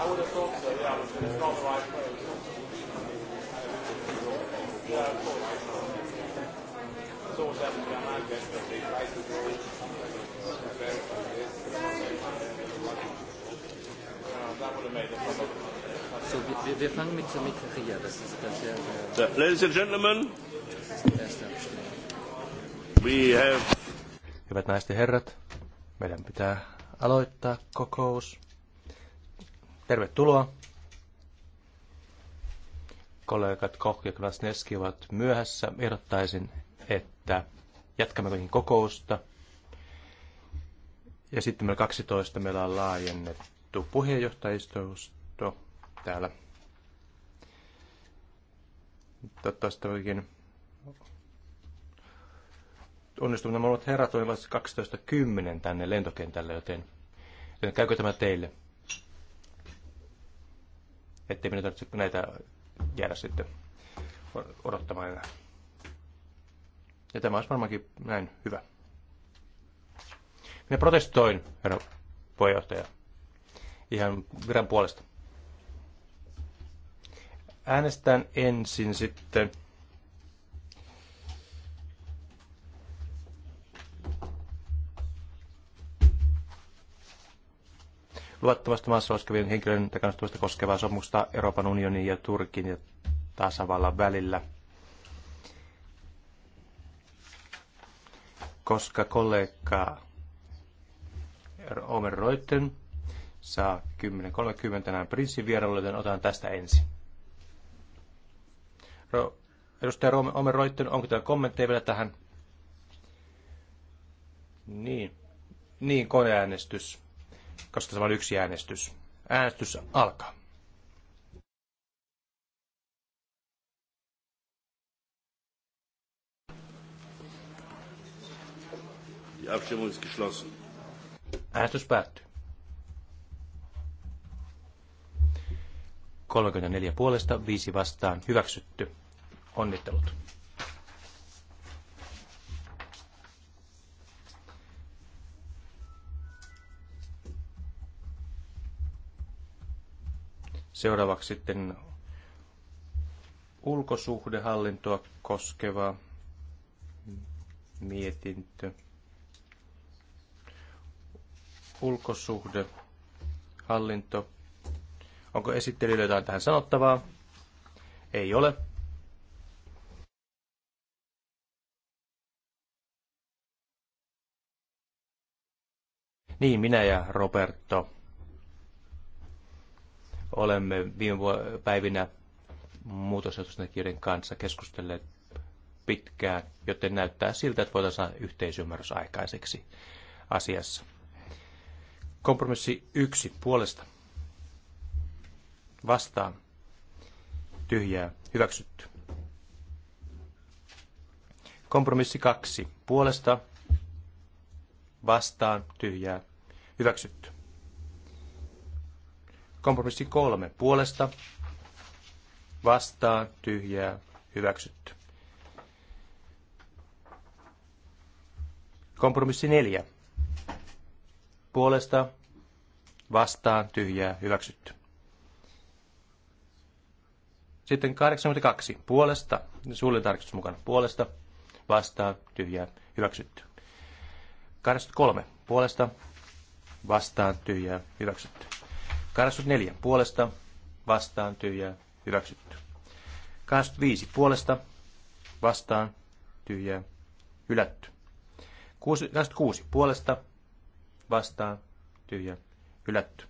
I would have thought so, yeah, but it's not the right way. Yeah, of course. It's always happened to They try to go verify this, So, ladies and gentlemen, we have... Hyvät naiset ja herrat, meidän pitää aloittaa kokous. Tervetuloa. Kollegat Koch ja Krasneski ovat myöhässä. Ehdottaisin, että jatkamme kuitenkin kokousta. Ja sitten meillä 12 meillä on laajennettu puheenjohtajistosto täällä. Toivottavasti onnistumme nämä herrat olivat 12.10 tänne lentokentälle, joten käykö tämä teille? ettei minun tarvitse näitä jäädä sitten odottamaan enää. Ja tämä olisi varmaankin näin hyvä. Minä protestoin, herra puheenjohtaja, ihan viran puolesta. Äänestän ensin sitten Luottavasti maassa oleskevien henkilöiden takanastusta koskevaa sopimusta Euroopan unionin ja Turkin ja tasavallan välillä. Koska kollega Omer Reuten saa 10.30 tänään prinssin vierailulle, joten otan tästä ensin. Ro- Edustaja Omer Reuten, onko teillä kommentteja vielä tähän? Niin. Niin, koneäänestys koska se on yksi äänestys. Äänestys alkaa. Äänestys päättyy. 34 puolesta, 5 vastaan. Hyväksytty. Onnittelut. Seuraavaksi sitten ulkosuhdehallintoa koskeva mietintö. Ulkosuhdehallinto. Onko esittelijöillä jotain tähän sanottavaa? Ei ole. Niin, minä ja Roberto Olemme viime päivinä muutosehdotusten kanssa keskustelleet pitkään, joten näyttää siltä, että voitaisiin saada yhteisymmärrys aikaiseksi asiassa. Kompromissi yksi puolesta. Vastaan. Tyhjää. Hyväksytty. Kompromissi kaksi puolesta. Vastaan. Tyhjää. Hyväksytty. Kompromissi kolme puolesta vastaan tyhjää hyväksytty. Kompromissi neljä puolesta vastaan tyhjää hyväksytty. Sitten 82 puolesta, suullinen tarkistus mukana puolesta, vastaan tyhjää hyväksytty. 83 puolesta, vastaan tyhjää hyväksytty. 84 puolesta vastaan tyhjää hyväksytty. 85 puolesta vastaan tyhjää hylätty. 86 puolesta vastaan tyhjää hylätty.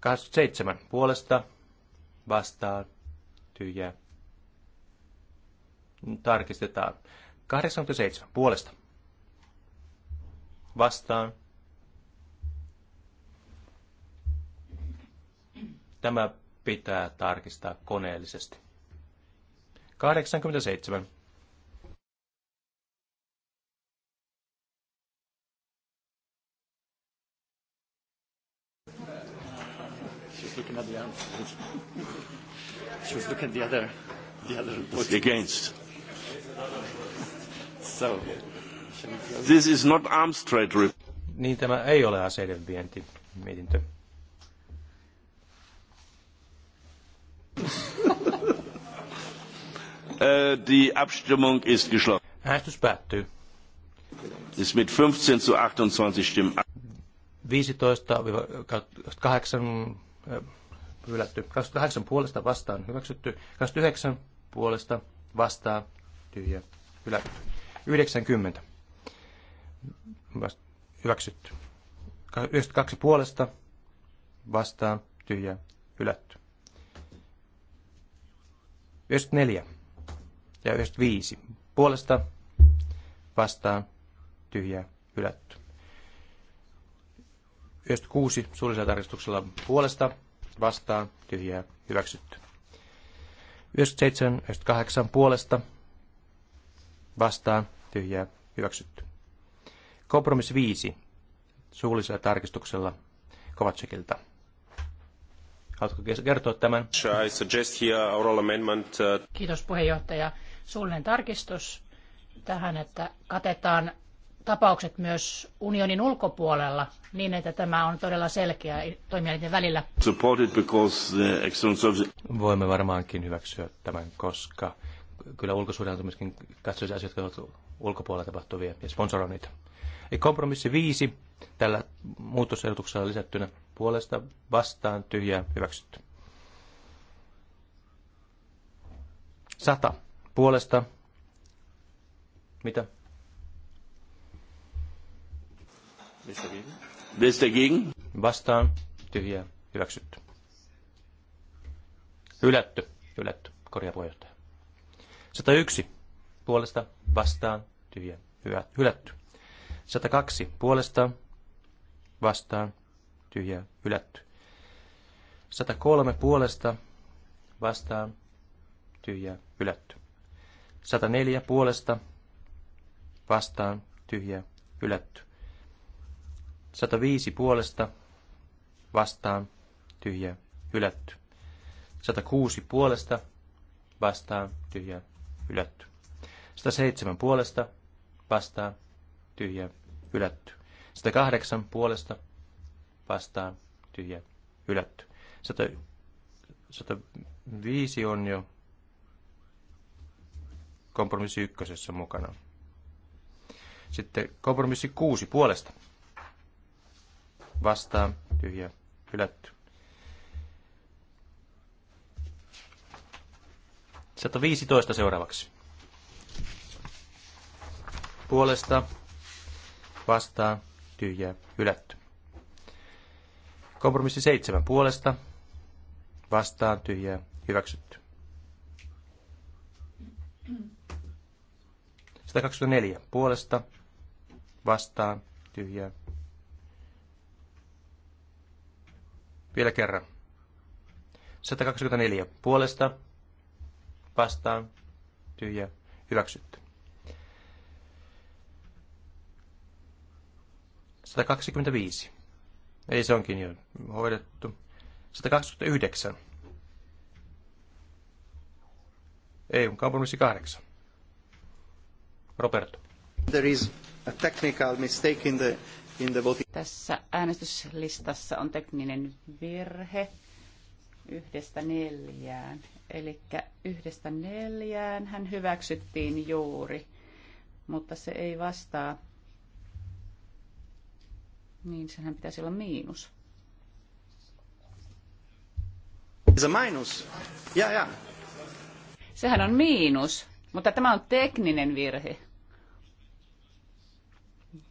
87 puolesta vastaan tyhjää tarkistetaan. 87 puolesta vastaan Tämä pitää tarkistaa koneellisesti. 87. She's looking at the looking at the other, the other report. Against. So, This is not arms trade. Niin tämä ei ole aseiden vienti mietintö. Äh, die Abstimmung ist geschlossen. Äänestys päättyy. Ist mit 15 zu 28 Stimmen. 15 kahdeksan äh, hylätty. 28 puolesta vastaan hyväksytty. 29 puolesta vastaan tyhjä hylätty. 90 hyväksytty. 92 puolesta vastaan tyhjä hylätty. neljä ja 95 puolesta vastaan tyhjä hylätty. 96 suullisella tarkistuksella puolesta vastaan tyhjää hyväksytty. 97, 98 puolesta vastaan tyhjää hyväksytty. Kompromissi 5 suullisella tarkistuksella Kovatsikilta. Haluatko kertoa tämän? I suggest here oral amendment. Uh, Kiitos puheenjohtaja suullinen tarkistus tähän, että katetaan tapaukset myös unionin ulkopuolella niin, että tämä on todella selkeä toimijoiden välillä. Voimme varmaankin hyväksyä tämän, koska kyllä ulkosuudenhallinto myöskin katsoisi asioita, jotka ovat ulkopuolella tapahtuvia ja sponsoroi niitä. Eli kompromissi viisi tällä muutosehdotuksella lisättynä puolesta vastaan tyhjää hyväksytty. Sata puolesta. Mitä? Dagegen? Vastaan. Tyhjää. Hyväksytty. Hylätty. Hylätty. Korjaa puheenjohtaja. 101. Puolesta. Vastaan. Tyhjää. Hyvä. Hylätty. 102. Puolesta. Vastaan. Tyhjää. Hylätty. 103. Puolesta. Vastaan. Tyhjää. Hylätty. 104 puolesta vastaan tyhjä hylätty. 105 puolesta vastaan tyhjä hylätty. 106 puolesta vastaan tyhjä hylätty. 107 puolesta vastaan tyhjä hylätty. 108 puolesta vastaan tyhjä hylätty. 105 on jo kompromissi ykkösessä mukana. Sitten kompromissi kuusi puolesta. Vastaan, tyhjä, hylätty. 115 seuraavaksi. Puolesta, vastaan, tyhjä, hylätty. Kompromissi seitsemän puolesta, vastaan, tyhjä, hyväksytty. 124 puolesta vastaan tyhjää. Vielä kerran. 124 puolesta vastaan tyhjä hyväksytty. 125. Ei se onkin jo hoidettu. 129. Ei, on kompromissi 8. Roberto. There is a technical mistake in the, in the voting. Tässä äänestyslistassa on tekninen virhe yhdestä neljään. Eli yhdestä neljään hän hyväksyttiin juuri, mutta se ei vastaa. Niin senhän pitäisi olla miinus. Se minus. Ja, ja. Sehän on miinus, mutta tämä on tekninen virhe.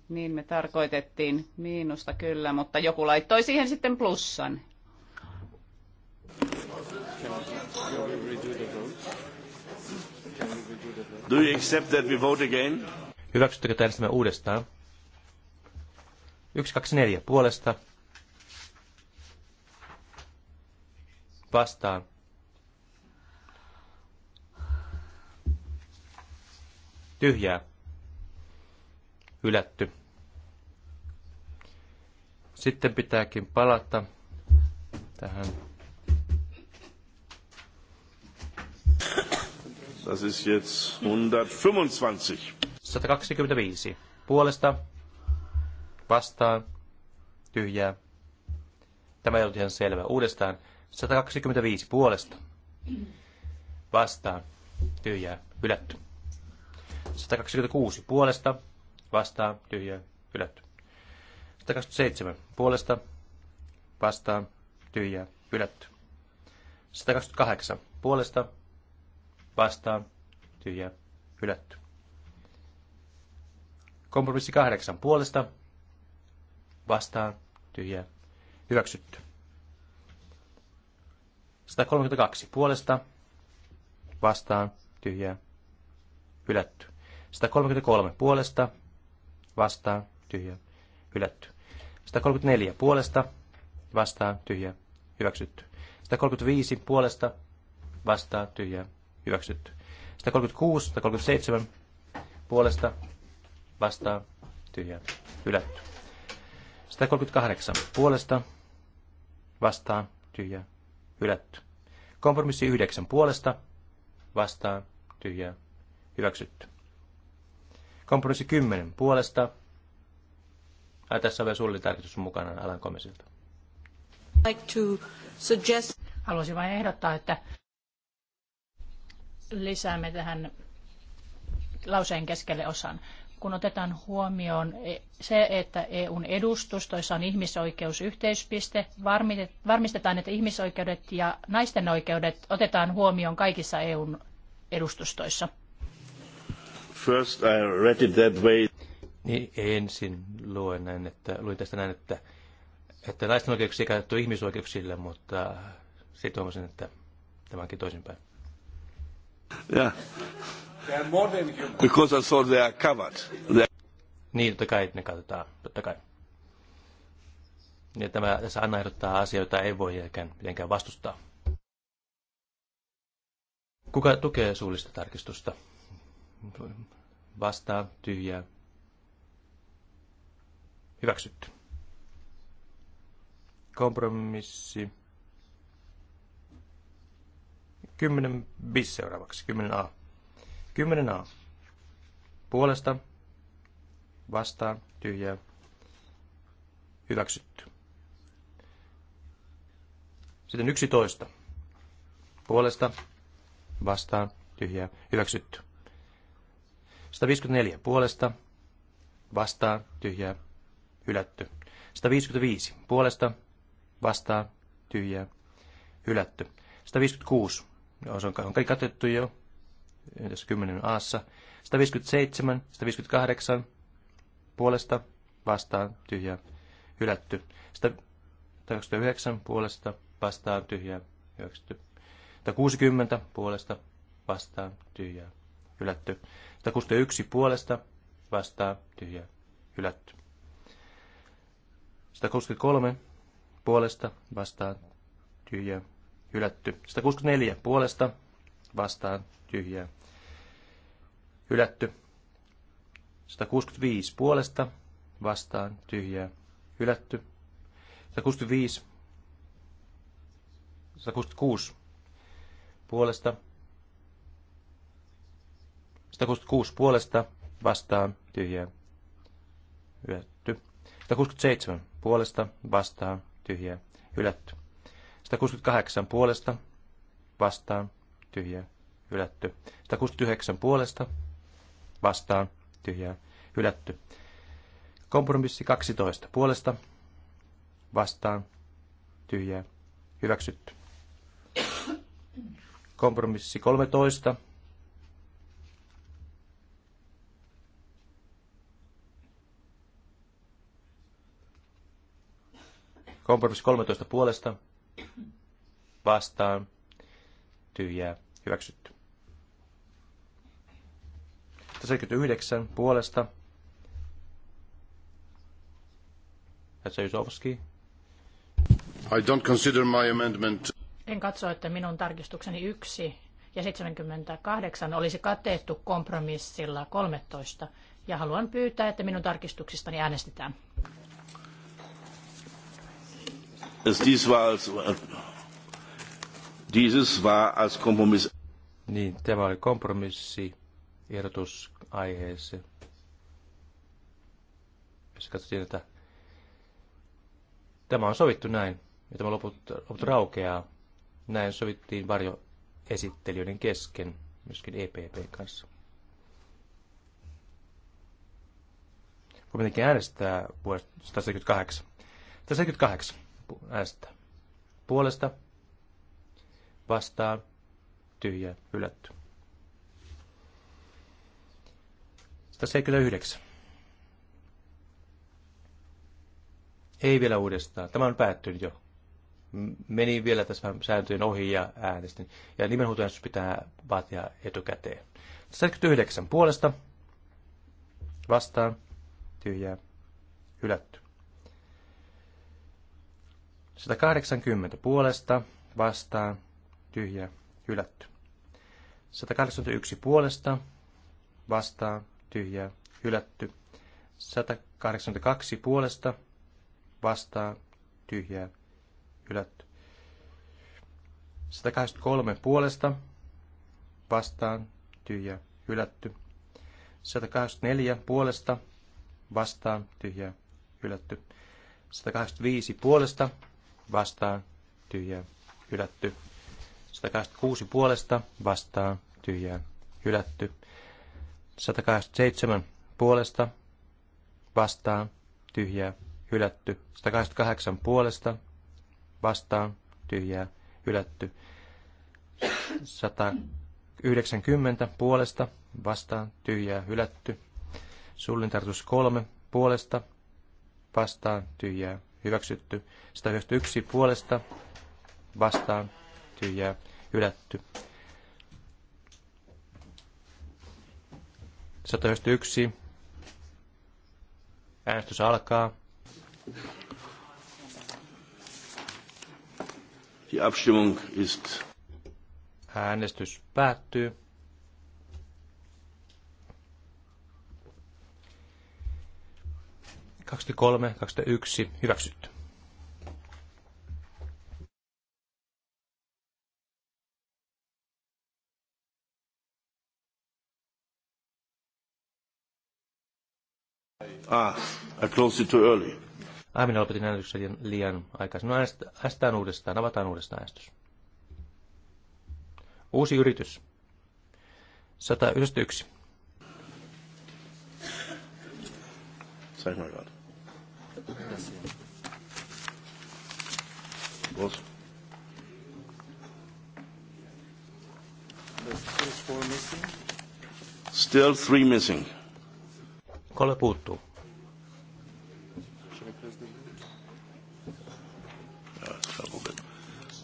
Niin me tarkoitettiin miinusta kyllä, mutta joku laittoi siihen sitten plussan. Do you accept that we vote again? Hyväksyttekö, uudestaan? 1, 2, 4 puolesta. Vastaan. Tyhjää hylätty. Sitten pitääkin palata tähän. Das ist jetzt 125. 125. Puolesta vastaan tyhjää. Tämä ei ollut ihan selvä. Uudestaan 125 puolesta vastaan tyhjää hylätty. 126 puolesta vastaan, tyhjä, hylätty. 127 puolesta, vastaan, tyhjä, hylätty. 128 puolesta, vastaan, tyhjä hylätty. Kompromissi 8 puolesta, vastaan, tyhjä hyväksytty. 132 puolesta, vastaan, tyhjä, hylätty. 133 puolesta, vastaan, tyhjä, hylätty. 134 puolesta, vastaan, tyhjä, hyväksytty. 135 puolesta, vastaan, tyhjä, hyväksytty. 136, 137 puolesta, vastaan, tyhjä, hylätty. 138 puolesta, vastaan, tyhjä, hylätty. Kompromissi 9 puolesta, vastaan, tyhjä, hyväksytty. Kompromissi 10 puolesta. Ai, tässä on vielä suullitarkistus mukana Alan komisilta. Like to suggest... Haluaisin vain ehdottaa, että lisäämme tähän lauseen keskelle osan. Kun otetaan huomioon e- se, että EUn edustustoissa on ihmisoikeusyhteyspiste, varmistetaan, että ihmisoikeudet ja naisten oikeudet otetaan huomioon kaikissa EUn edustustoissa. First I read it that way. Niin ensin luen näin, että, luin tästä näin, että, että naisten oikeuksia käytetty ihmisoikeuksille, mutta sitten huomasin, että tämä onkin toisinpäin. Yeah. Because I saw they are covered. They are... Niin, totta kai ne katsotaan, totta kai. Ja tämä, tässä Anna ehdottaa asioita, ei voi mitenkään vastustaa. Kuka tukee suullista tarkistusta? vastaa tyhjää hyväksytty. Kompromissi 10 bis seuraavaksi, 10a. 10a. Puolesta, vastaa tyhjää, hyväksytty. Sitten 11. Puolesta, vastaan, tyhjää, hyväksytty. 154 puolesta, vastaan, tyhjää, hylätty. 155 puolesta, vastaan, tyhjää, hylätty. 156, no, se on kaikki katettu jo tässä 10 aassa. 157, 158 puolesta, vastaan, tyhjää, hylätty. 129 puolesta, vastaan, tyhjää, hylätty. 160 puolesta, vastaan, tyhjää, hylätty. Takuste yksi puolesta vastaa tyhjä hylätty. 163 puolesta vastaa tyhjä hylätty. 164 puolesta vastaa tyhjä hylätty. 165 puolesta vastaan tyhjä hylätty. 165 166 puolesta 166 puolesta vastaan tyhjää hylätty. 167 puolesta vastaan tyhjää hylätty. 168 puolesta vastaan tyhjää hylätty. 169 puolesta vastaan tyhjää hylätty. Kompromissi 12 puolesta vastaan tyhjää hyväksytty. Kompromissi 13 Kompromissi 13 puolesta vastaan tyhjää hyväksytty. 79 puolesta. Jatsajusovski. I don't consider my amendment. En katso, että minun tarkistukseni yksi ja 78 olisi katettu kompromissilla 13 ja haluan pyytää, että minun tarkistuksistani äänestetään. Niin, tämä oli kompromissi ehdotus aiheeseen. Jos että tämä on sovittu näin ja tämä loput, loput raukeaa. Näin sovittiin varjoesittelijöiden kesken, myöskin EPP kanssa. Kuitenkin äänestää vuodesta 178. 178 äänestää puolesta, vastaan, tyhjä, hylätty. 179. Ei vielä uudestaan. Tämä on päättynyt jo. Menin vielä tässä sääntöjen ohi ja äänestin. Ja nimenhuutoäänestys pitää vaatia etukäteen. 179 puolesta. Vastaan. Tyhjää. Hylätty. 180 puolesta vastaan tyhjä hylätty. 181 puolesta vastaan tyhjä hylätty. 182 puolesta vastaan tyhjä hylätty. 183 puolesta vastaan tyhjä hylätty. 184 puolesta vastaan tyhjä hylätty. 185 puolesta vastaan, tyhjää, hylätty. 186 puolesta vastaan, tyhjää, hylätty. 187 puolesta vastaan, tyhjää, hylätty. 188 puolesta vastaan, tyhjää, hylätty. 190 puolesta vastaan, tyhjää, hylätty. Sullin tarkoitus 3 puolesta vastaan, tyhjää, hyväksytty. 191 puolesta vastaan tyhjää hylätty. 191 äänestys alkaa. Die Abstimmung ist. Äänestys päättyy. 23, 21 hyväksytty. Ah, I closed it too early. Ah, minä lopetin äänestyksen liian aikaisin. No äänestetään uudestaan, avataan uudestaan äänestys. Uusi yritys. 191. Sain aikaan. Still three missing. Kolme puuttuu.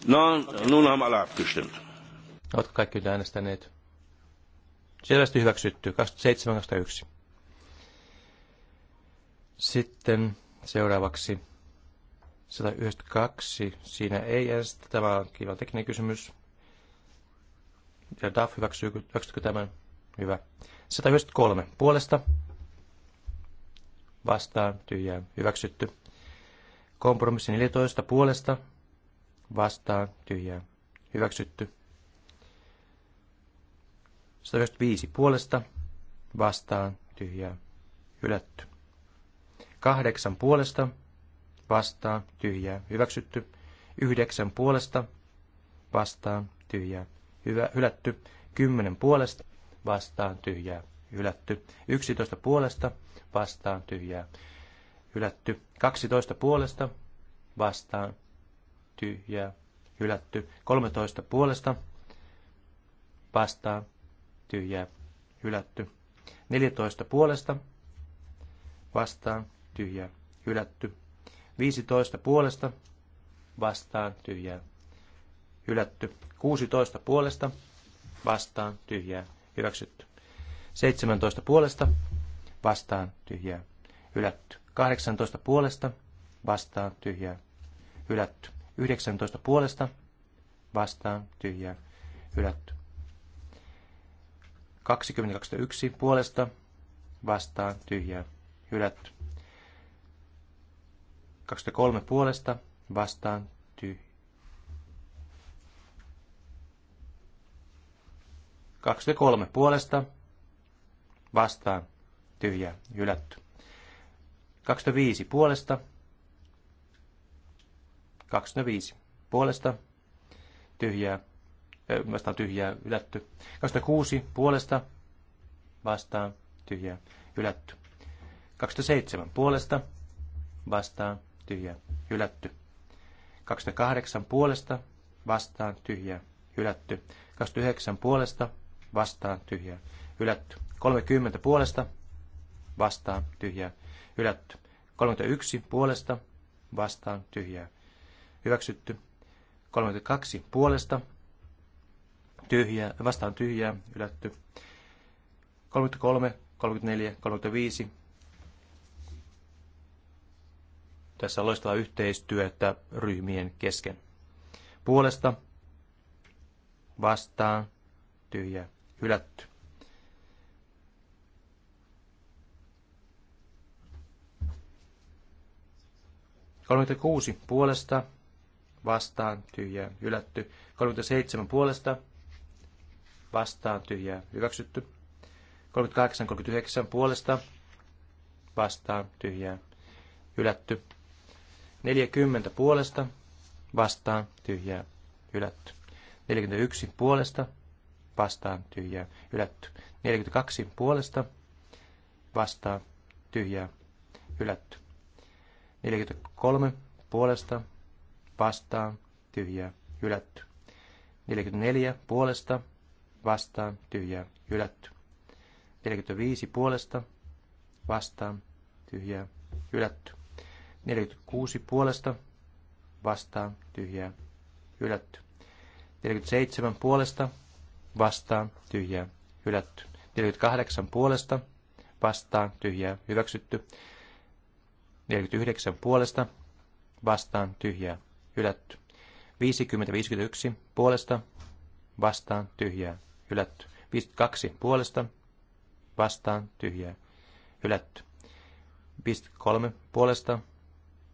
No, nun haben alle abgestimmt. Oletko kaikki nyt äänestäneet? Selvästi hyväksytty. 27-21. Sitten Seuraavaksi 192. Siinä ei ensin. Tämä on kiva tekninen kysymys. Ja DAF, hyväksyy, hyväksytkö tämän? Hyvä. 193. Puolesta. Vastaan. Tyhjää. Hyväksytty. Kompromissi 14. Puolesta. Vastaan. Tyhjää. Hyväksytty. 195. Puolesta. Vastaan. Tyhjää. Hylätty. Kahdeksan puolesta vastaa tyhjää hyväksytty. Yhdeksän puolesta vastaa tyhjää hyvä, hylätty. Kymmenen puolesta vastaan tyhjää hylätty. Yksitoista puolesta vastaan tyhjää hylätty. Kaksitoista puolesta vastaan tyhjää hylätty. Kolmetoista puolesta vastaan tyhjää hylätty. Neljätoista puolesta vastaan tyhjää, hylätty. 15 puolesta vastaan tyhjää, hylätty. 16 puolesta vastaan tyhjää, hyväksytty. 17 puolesta vastaan tyhjää, hylätty. 18 puolesta vastaan tyhjää, hylätty. 19 puolesta vastaan tyhjää, hylätty. 2021 puolesta vastaan tyhjää, hylätty. 23 puolesta vastaan tyhjä. 23 puolesta vastaan tyhjä hylätty. 25 puolesta 25 puolesta tyhjä vastaan tyhjää ylätty. 26 puolesta vastaan tyhjää ylätty. 27 puolesta vastaan tyhjä, hylätty. 28 puolesta, vastaan, tyhjä, hylätty. 29 puolesta, vastaan, tyhjä, hylätty. 30 puolesta, vastaan, tyhjä, hylätty. 31 puolesta, vastaan, tyhjä, hyväksytty. 32 puolesta, tyhjä, vastaan tyhjä, hylätty. 33, 34, 35 Tässä on loistavaa yhteistyötä ryhmien kesken. Puolesta vastaan tyhjä hylätty. kuusi puolesta vastaan tyhjä hylätty. 37 puolesta vastaan tyhjä hyväksytty. 38, 39 puolesta vastaan tyhjä hylätty. 40 puolesta, vastaan, tyhjää, hylätty. 41 puolesta, vastaan, tyhjää, hylätty. 42 puolesta, vastaan, tyhjää, hylätty. 43 puolesta, vastaan, tyhjää, hylätty. 44 puolesta, vastaan, tyhjää, hylätty. 45 puolesta, vastaan, tyhjää, hylätty. 46 puolesta vastaan tyhjää hylätty. 47 puolesta vastaan tyhjää hylätty. 48 puolesta vastaan tyhjää hyväksytty. 49 puolesta vastaan tyhjää hylätty. 50-51 puolesta vastaan tyhjää hylätty. 52 puolesta vastaan tyhjää hylätty. 53 puolesta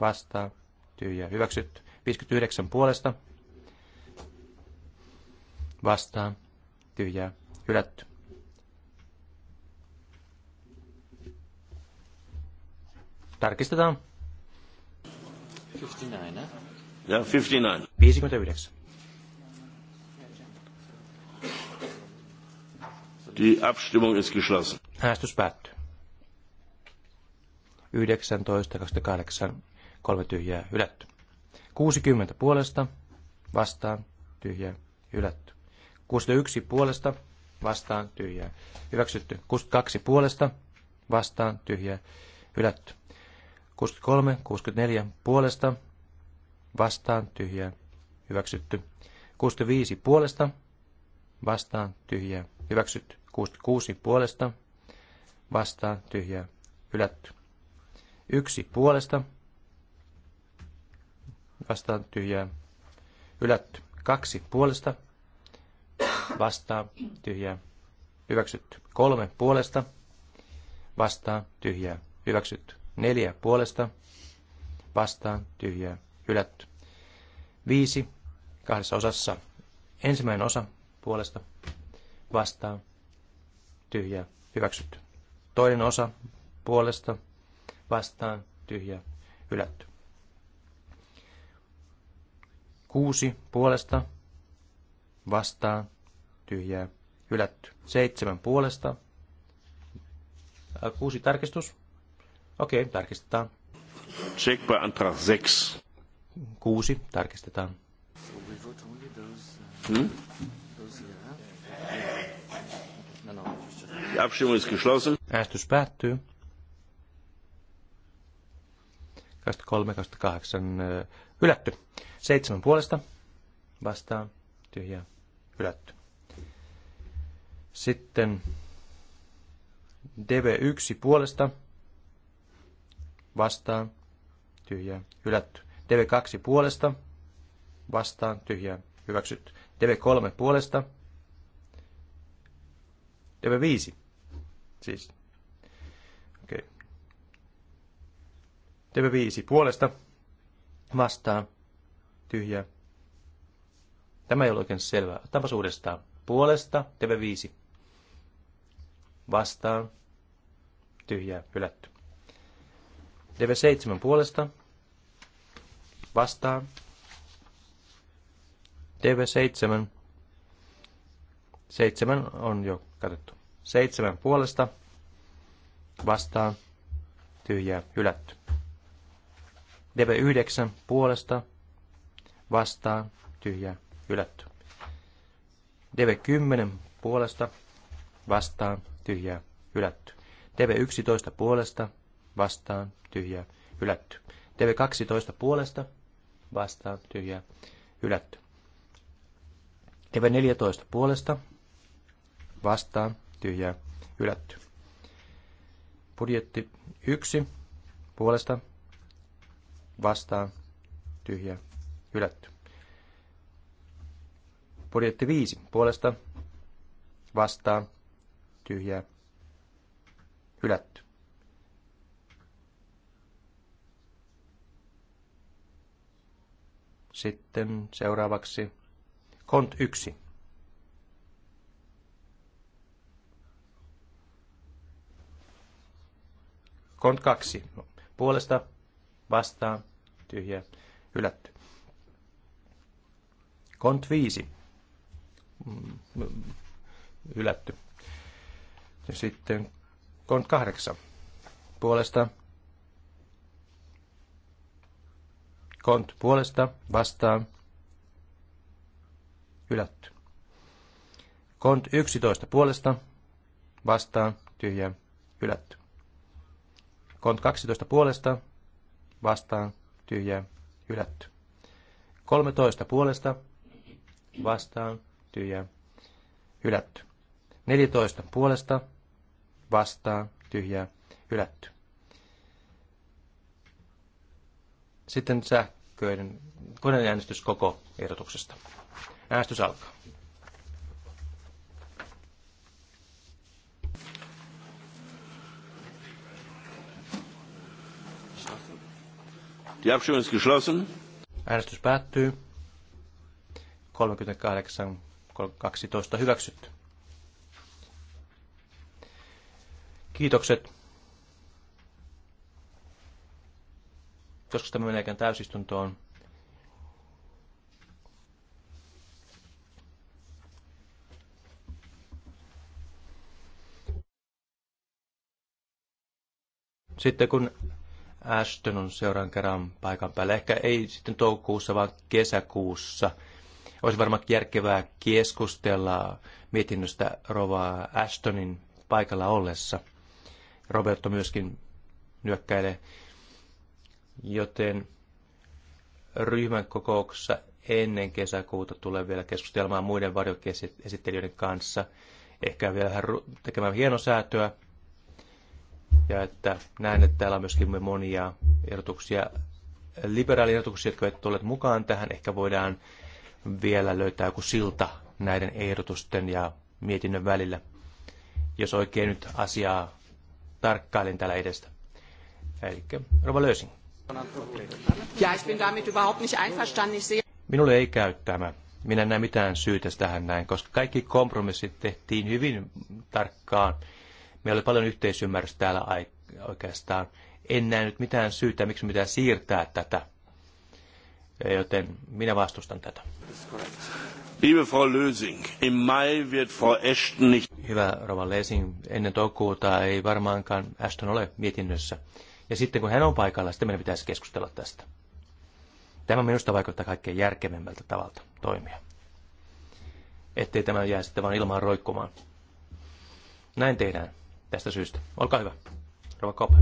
vastaan, Tyhjä. Hyväksyt 59 puolesta vastaan, Tyhjä. hylätty. Tarkistetaan. 59, eh? Yeah, 59. 59. Die Abstimmung ist geschlossen. Äänestys päättyy. 19.28 kolme tyhjää ylätty. 60 puolesta vastaan tyhjää ylätty. 61 puolesta vastaan tyhjää hyväksytty. 62 puolesta vastaan tyhjää ylätty. 63, 64 puolesta vastaan tyhjää hyväksytty. 65 puolesta vastaan tyhjää hyväksytty. 66 puolesta vastaan tyhjää hylätty. 1 puolesta vastaan tyhjää ylät Kaksi puolesta vastaan tyhjää hyväksytty. Kolme puolesta vastaan tyhjää hyväksytty. Neljä puolesta vastaan tyhjää hylätty. Viisi kahdessa osassa. Ensimmäinen osa puolesta vastaan tyhjää hyväksytty. Toinen osa puolesta vastaan tyhjää hylätty. Kuusi puolesta vastaan tyhjää hylätty. Seitsemän puolesta. Äh, kuusi tarkistus. Okei, tarkistetaan. Check by antra 6. Kuusi tarkistetaan. Hmm? Die ist geschlossen. Äänestys päättyy. 23, 28 hylätty. Seitsemän puolesta vastaan tyhjää hylätty. Sitten DV1 puolesta vastaan tyhjää hylätty. DV2 puolesta vastaan tyhjää hyväksytty. DV3 puolesta DV5 siis TV5 puolesta vastaan tyhjää. Tämä ei ole oikein selvää. Otetaanpas uudestaan. Puolesta TV5 vastaan tyhjää hylätty. TV7 puolesta vastaan TV7. Seitsemän on jo katettu. Seitsemän puolesta vastaan tyhjää hylätty. DB9 puolesta vastaan tyhjä hylätty. DB10 puolesta vastaan tyhjä hylätty. DB11 puolesta vastaan tyhjä hylätty. DB12 puolesta vastaan tyhjä hylätty. DB14 puolesta vastaan tyhjä hylätty. Budjetti 1 puolesta vastaan tyhjä hylätty. Budjetti 5 puolesta vastaan tyhjä hylätty. Sitten seuraavaksi kont 1. Kont 2. Puolesta vastaa tyhjä, hylätty. Kont 5, hylätty. Ja sitten kont 8, puolesta, kont puolesta, vastaa hylätty. Kont 11 puolesta, vastaa tyhjä, hylätty. Kont 12 puolesta, vastaan tyhjä, hylätty. 13 puolesta vastaan tyhjä, hylätty. 14 puolesta vastaan tyhjä hylätty. Sitten sähköinen koneäänestys koko ehdotuksesta. Äänestys alkaa. Die Abstimmung ist geschlossen. Äänestys päättyy. 38, 12 hyväksytty. Kiitokset. Koska tämä meneekään täysistuntoon. Sitten kun Ashton on seuraavan kerran paikan päällä. Ehkä ei sitten toukokuussa, vaan kesäkuussa. Olisi varmaan järkevää keskustella mietinnöstä Rova Ashtonin paikalla ollessa. Roberto myöskin nyökkäilee. Joten ryhmän kokouksessa ennen kesäkuuta tulee vielä keskustelemaan muiden varjokesittelijöiden kanssa. Ehkä vielä tekemään hienosäätöä ja että näen, että täällä on myöskin monia ehdotuksia, liberaaliehdotuksia, jotka eivät tulleet mukaan tähän. Ehkä voidaan vielä löytää joku silta näiden ehdotusten ja mietinnön välillä, jos oikein nyt asiaa tarkkailin täällä edestä. Eli Rova Lösing. Minulle ei käy tämä. Minä en näe mitään syytä tähän näin, koska kaikki kompromissit tehtiin hyvin tarkkaan Meillä oli paljon yhteisymmärrystä täällä oikeastaan. En näe nyt mitään syytä, miksi pitää siirtää tätä. Joten minä vastustan tätä. Liebe Frau Lösing, im Mai wird Frau Ashton nicht... Hyvä Rova Lösing, ennen toukokuuta ei varmaankaan Ashton ole mietinnössä. Ja sitten kun hän on paikalla, sitten meidän pitäisi keskustella tästä. Tämä minusta vaikuttaa kaikkein järkevimmältä tavalta toimia. Ettei tämä jää sitten vain ilmaan roikkumaan. Näin tehdään tästä syystä. Olkaa hyvä. Rova Kope.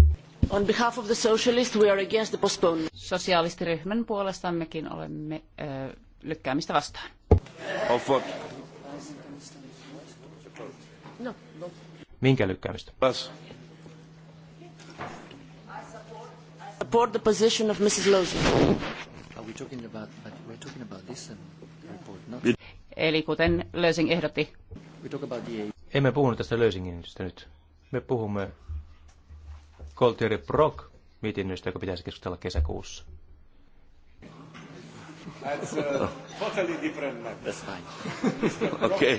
On behalf of the socialist we are against the postponement. Sosialistiryhmän puolestammekin olemme ö, lykkäämistä vastaan. Of what? No, no. Minkä lykkäämistä? Pass. support the position of Mrs. Lozing. Um, Eli kuten Lösing ehdotti. Emme puhunut tästä Lösingin nyt me puhumme Coltieri Brock mietinnöstä, joka pitäisi keskustella kesäkuussa. That's a uh, no. totally different matter. That's fine. okay.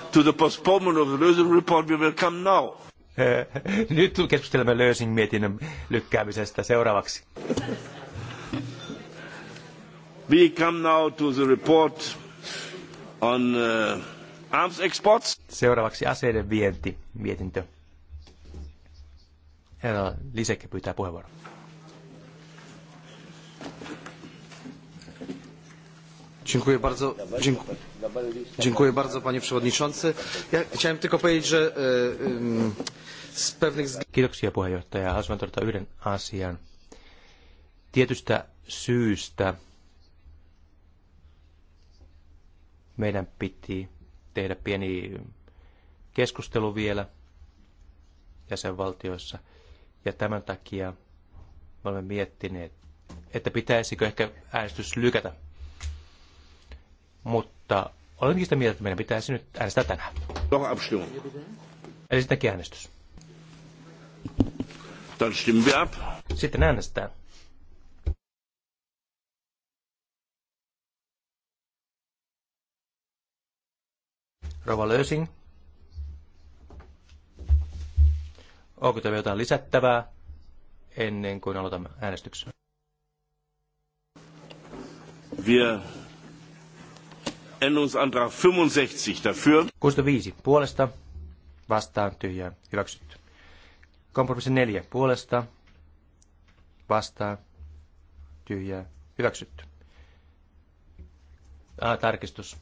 to the postponement of the Lösing report we will come now. Nyt keskustelemme Lösing mietinnön lykkäämisestä seuraavaksi. We come now to the report on uh, Arms exports. Seuraavaksi aseiden vienti, mietintö. Herra Lisekki pyytää puheenvuoron. Dziękuję bardzo, dziękuję, dziękuję bardzo panie przewodniczący. Ja chciałem tylko powiedzieć, że e, z pewnych... Kiitoksia puheenjohtaja. Haluaisin todeta yhden asian. Tietystä syystä meidän piti tehdä pieni keskustelu vielä jäsenvaltioissa. Ja tämän takia me olemme miettineet, että pitäisikö ehkä äänestys lykätä. Mutta olenkin sitä mieltä, että meidän pitäisi nyt äänestää tänään. Eli sittenkin äänestys. Sitten äänestetään. Rova Lösing. Onko teillä jotain lisättävää ennen kuin aloitamme äänestyksen? Wir Änderungsantrag 65 dafür. 65 puolesta vastaan tyhjää hyväksytty. Kompromissi 4 puolesta vastaan tyhjää hyväksytty. Ah, tarkistus.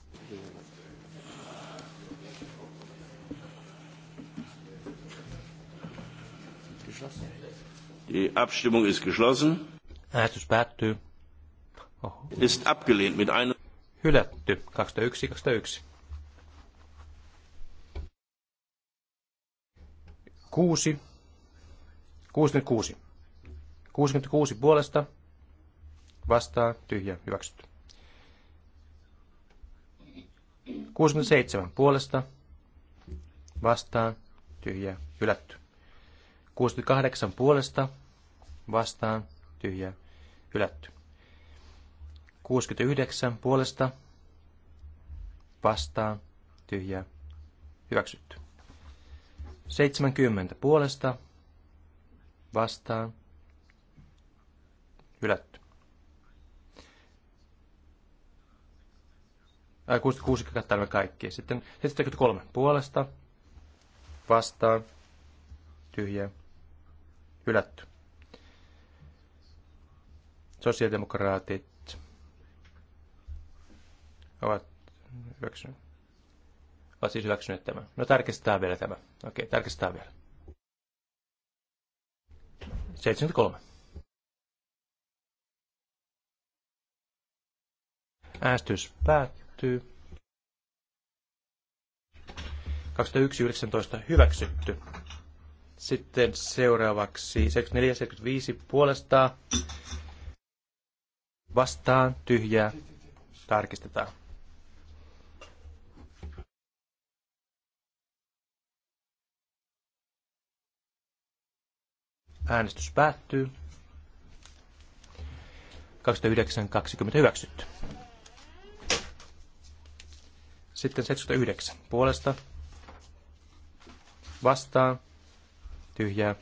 Die Abstimmung ist geschlossen. Äänestys päättyy. Ist abgelehnt mit einem. Hylätty. 21, 21. Kuusi. 66. 66 puolesta. Vastaa. Tyhjä. Hyväksytty. 67 puolesta. Vastaan. Tyhjä. Hylätty. 68 puolesta vastaan tyhjä hylätty. 69 puolesta vastaan tyhjä hyväksytty. 70 puolesta vastaan hylätty. 66 kattaa nämä kaikki. Sitten 73 puolesta vastaan tyhjä hylätty. Sosiaalidemokraatit ovat hyväksyneet. Ovat siis hyväksyneet tämän. No tarkistetaan vielä tämä. Okei, tarkistetaan vielä. 73. Äänestys päättyy. 2119 hyväksytty. Sitten seuraavaksi 74 75 puolestaan vastaan tyhjää tarkistetaan. Äänestys päättyy. 29.20 hyväksytty. Sitten 79 puolesta vastaan tyhjää,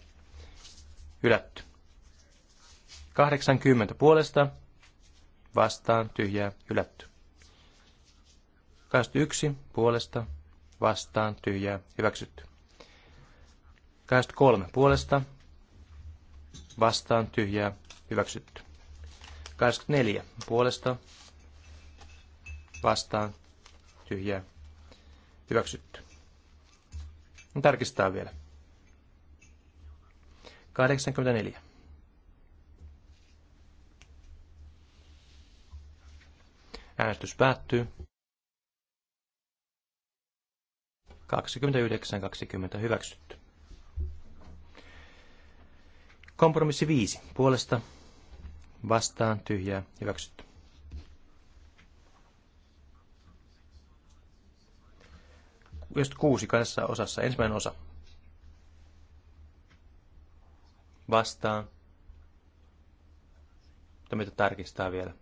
hylätty. 80 puolesta, vastaan, tyhjää, hylätty. 21 puolesta, vastaan, tyhjää, hyväksytty. 23 puolesta, vastaan, tyhjää, hyväksytty. 24 puolesta, vastaan, tyhjää, hyväksytty. Tarkistaa vielä. 84. Äänestys päättyy. 29-20 hyväksytty. Kompromissi 5. Puolesta vastaan tyhjää hyväksytty. Just kuusi kahdessa osassa. Ensimmäinen osa vastaan. tämä mitä tarkistaa vielä?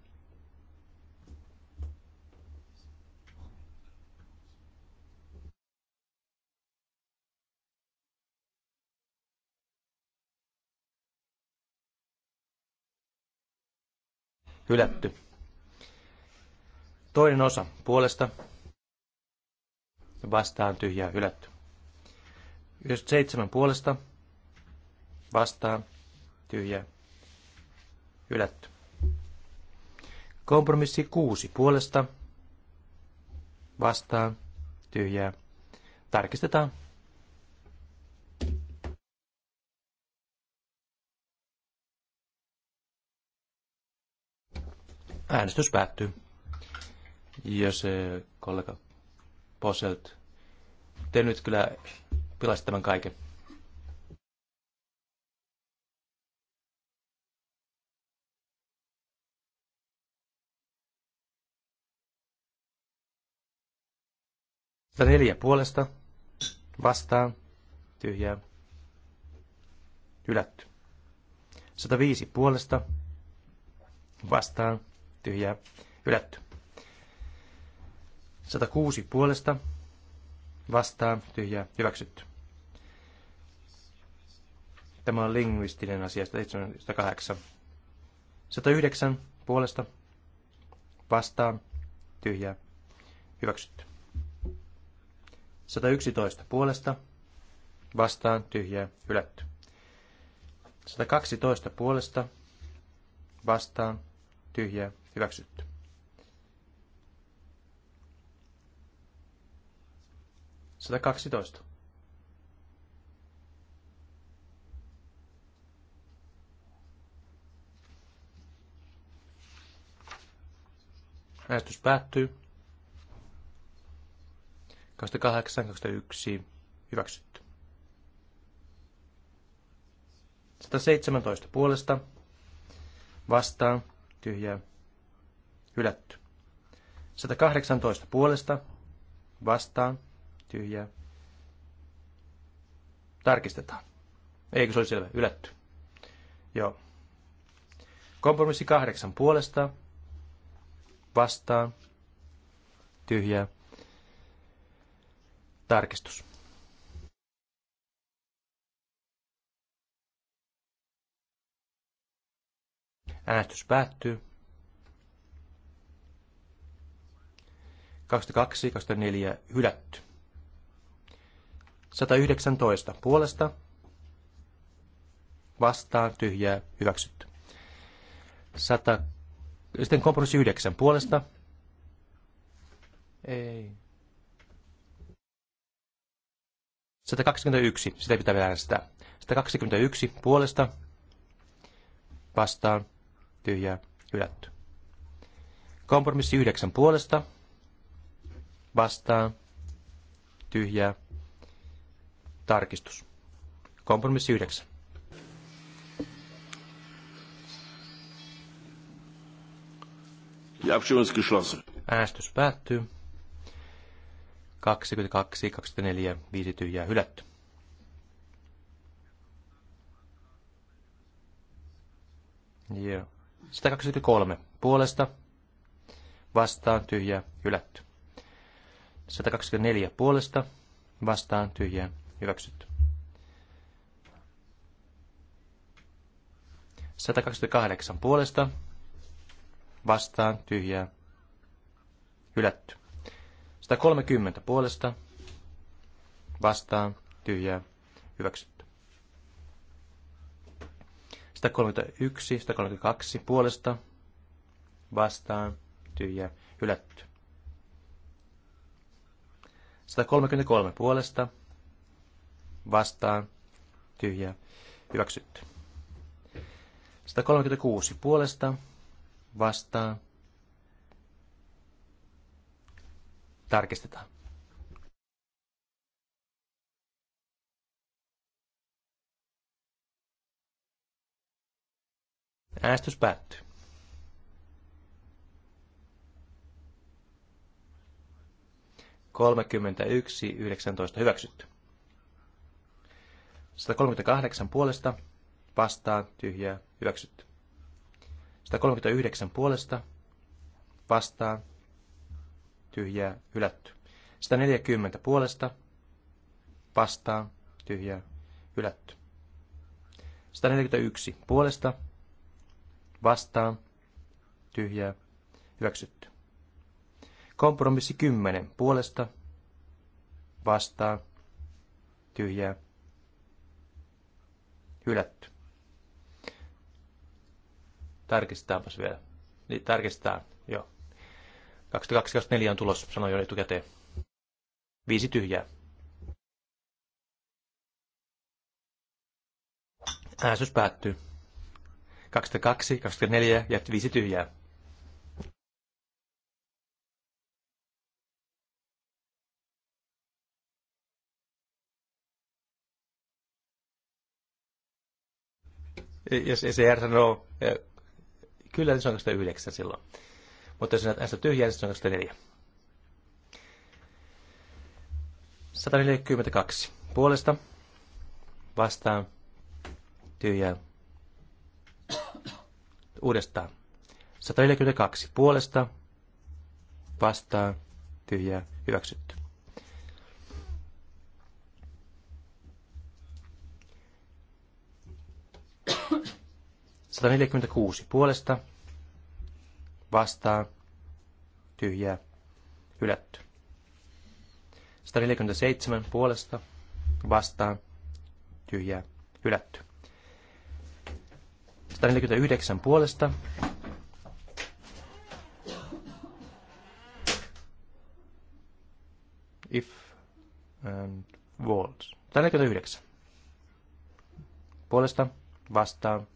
Hylätty. Toinen osa puolesta vastaan tyhjää hylätty. 97 puolesta vastaan, tyhjä, ylätty. Kompromissi 6 puolesta, vastaan, tyhjää. Tarkistetaan. Äänestys päättyy. Jos kollega Poselt, te nyt kyllä pilasit tämän kaiken. Neljä puolesta vastaan tyhjää hylätty. 105 puolesta vastaan tyhjää hylätty. 106 puolesta vastaan tyhjää hyväksytty. Tämä on lingvistinen asia, 108. 109 puolesta vastaan tyhjää hyväksytty. 111 puolesta, vastaan tyhjää hylätty. 112 puolesta, vastaan tyhjää hyväksytty. Sata kaksitoista. Äänestys päättyy. 28-21 hyväksytty. 117 puolesta vastaan tyhjää hylätty. 118 puolesta vastaan tyhjää tarkistetaan. Eikö se ole selvä? Ylätty. Joo. Kompromissi kahdeksan puolesta vastaan tyhjää tarkistus. Äänestys päättyy. 22, 24 hylätty. 119 puolesta. Vastaan tyhjää hyväksytty. 100, sitten kompromissi 9 puolesta. Ei. 121, sitä pitää vielä äänestää. 121 puolesta vastaan tyhjää hylätty. Kompromissi 9 puolesta vastaan tyhjää tarkistus. Kompromissi 9. Die Äänestys päättyy. 22, 24, 5 tyhjää hylätty. Joo. 123 puolesta vastaan tyhjä hylätty. 124 puolesta vastaan tyhjä hyväksytty. 128 puolesta vastaan tyhjä hylätty. 130 puolesta vastaan tyhjää hyväksytty. 131, 132 puolesta vastaan tyhjää hylätty. 133 puolesta vastaan tyhjää hyväksytty. 136 puolesta vastaan tarkistetaan. Äänestys päättyy. yksi, yhdeksäntoista hyväksytty. 138 puolesta, vastaan, tyhjää, hyväksytty. 139 puolesta, vastaan, tyhjää, hylätty. 140 puolesta, vastaan, tyhjää, hylätty. 141 puolesta, vastaan, tyhjää, hyväksytty. Kompromissi 10 puolesta, vastaan, tyhjää, hylätty. Tarkistetaanpas vielä. Niin, tarkistetaan, joo. 2024 on tulos, sanoin jo etukäteen. Viisi tyhjää. Äänestys päättyy. 22, 24 ja 5 tyhjää. Jos ECR sanoo, eh, kyllä se on 29 silloin mutta jos näistä tyhjää, niin se on 24. 142. Puolesta vastaan tyhjää. Uudestaan. 142. Puolesta vastaan tyhjää hyväksytty. Sataneljäkymmentäkuusi puolesta vastaan, tyhjää, hylätty. 147 puolesta, vastaan, tyhjää, hylätty. 149 puolesta, if and walls. 149 puolesta, vastaan,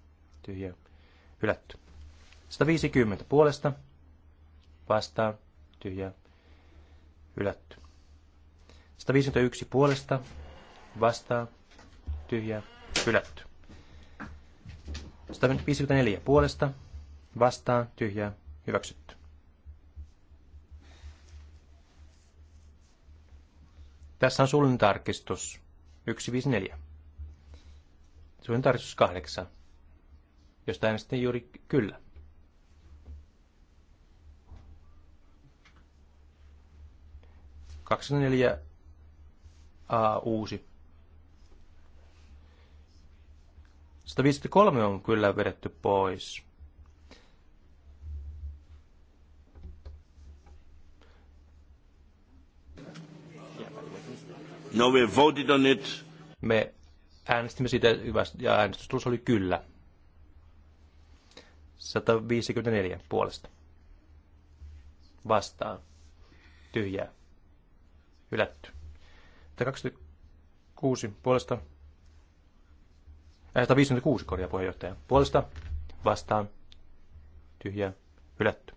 tyhjää, hylätty. 150 puolesta vastaan tyhjä hylätty. 151 puolesta vastaan tyhjä hylätty. 154 puolesta vastaan tyhjä hyväksytty. Tässä on suullinen tarkistus 154. Suullinen tarkistus 8, josta äänestin juuri kyllä. 24 A uusi. 153 on kyllä vedetty pois. No, we voted on it. Me äänestimme siitä ja äänestystulos oli kyllä. 154 puolesta. Vastaan. Tyhjää hylätty. 26 puolesta, äh, 156 korjaa puheenjohtaja, puolesta vastaan tyhjä hylätty.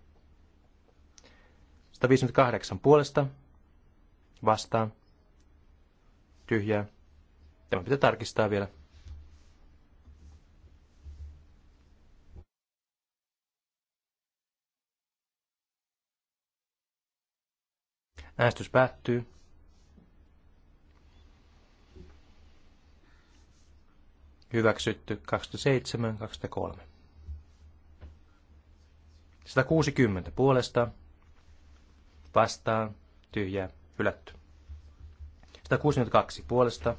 158 puolesta vastaan tyhjää. Tämä pitää tarkistaa vielä. Äänestys päättyy. Hyväksytty 27, 23. 160 puolesta. Vastaan. tyhjä Hylätty. 162 puolesta.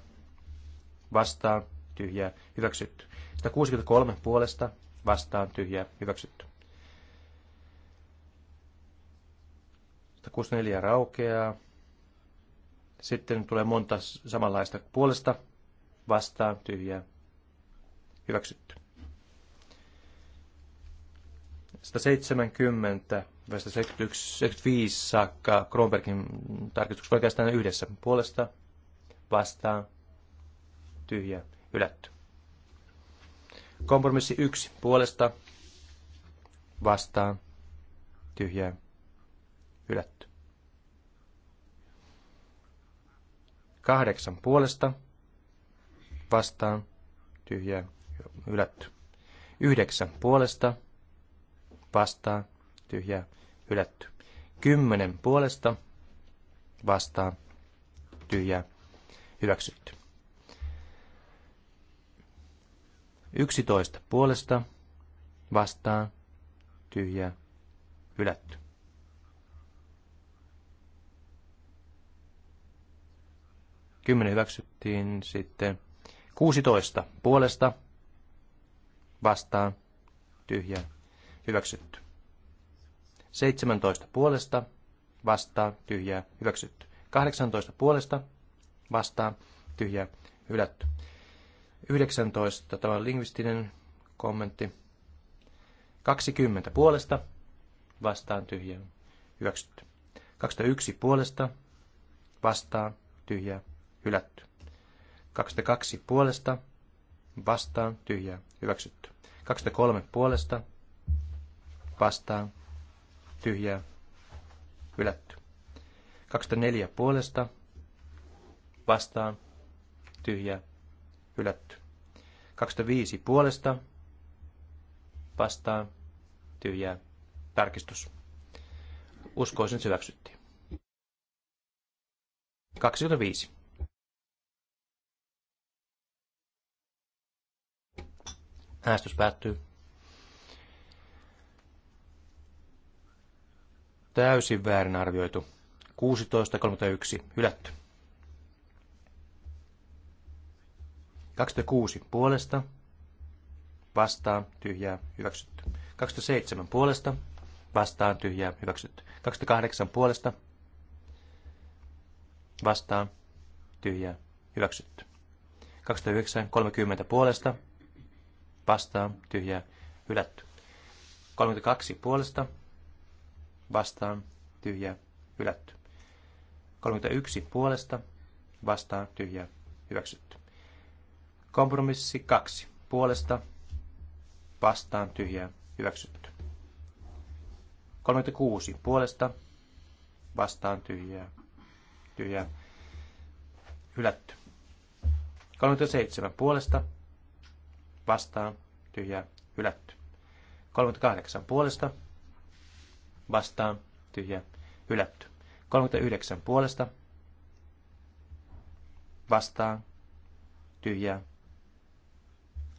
Vastaan. tyhjä Hyväksytty. 163 puolesta. Vastaan. tyhjä Hyväksytty. 164 raukeaa. Sitten tulee monta samanlaista puolesta, vastaan, tyhjä Hyväksytty. 170 75 saakka Kronbergin tarkistukset oikeastaan yhdessä puolesta vastaan tyhjä hylätty. Kompromissi 1 puolesta vastaan tyhjä hylätty. Kahdeksan puolesta vastaan tyhjä hylätty. Yhdeksän puolesta vastaan tyhjää hylätty. Kymmenen puolesta vastaan tyhjää hyväksytty. Yksitoista puolesta vastaan tyhjää hylätty. Kymmenen hyväksyttiin sitten 16 puolesta vastaan, tyhjä, hyväksytty. 17 puolesta, vastaan, tyhjä, hyväksytty. 18 puolesta, vastaan, tyhjä, hylätty. 19, tämä on lingvistinen kommentti. 20 puolesta, vastaan, tyhjä, hyväksytty. 21 puolesta, vastaan, tyhjä, hylätty. 22 puolesta, vastaan, tyhjää, hyväksytty. 23 puolesta, vastaan, tyhjää, hylätty. 24 puolesta, vastaan, tyhjää, hylätty. 25 puolesta, vastaan, tyhjää, tarkistus. Uskoisin, että se hyväksyttiin. 25 Äänestys päättyy. Täysin väärin arvioitu. 16.31. Hylätty. 26 puolesta, vastaan, tyhjää, hyväksytty. 27 puolesta, vastaan, tyhjää, hyväksytty. 28 puolesta, vastaan, tyhjää, hyväksytty. 29, 30 puolesta, vastaan tyhjää hylätty. 32 puolesta vastaan tyhjää hylätty. 31 puolesta vastaan tyhjää hyväksytty. Kompromissi 2 puolesta vastaan tyhjää hyväksytty. 36 puolesta vastaan tyhjää tyhjää hylätty. 37 puolesta vastaan, tyhjä, hylätty. 38 puolesta, vastaan, tyhjä, hylätty. 39 puolesta, vastaan, tyhjä,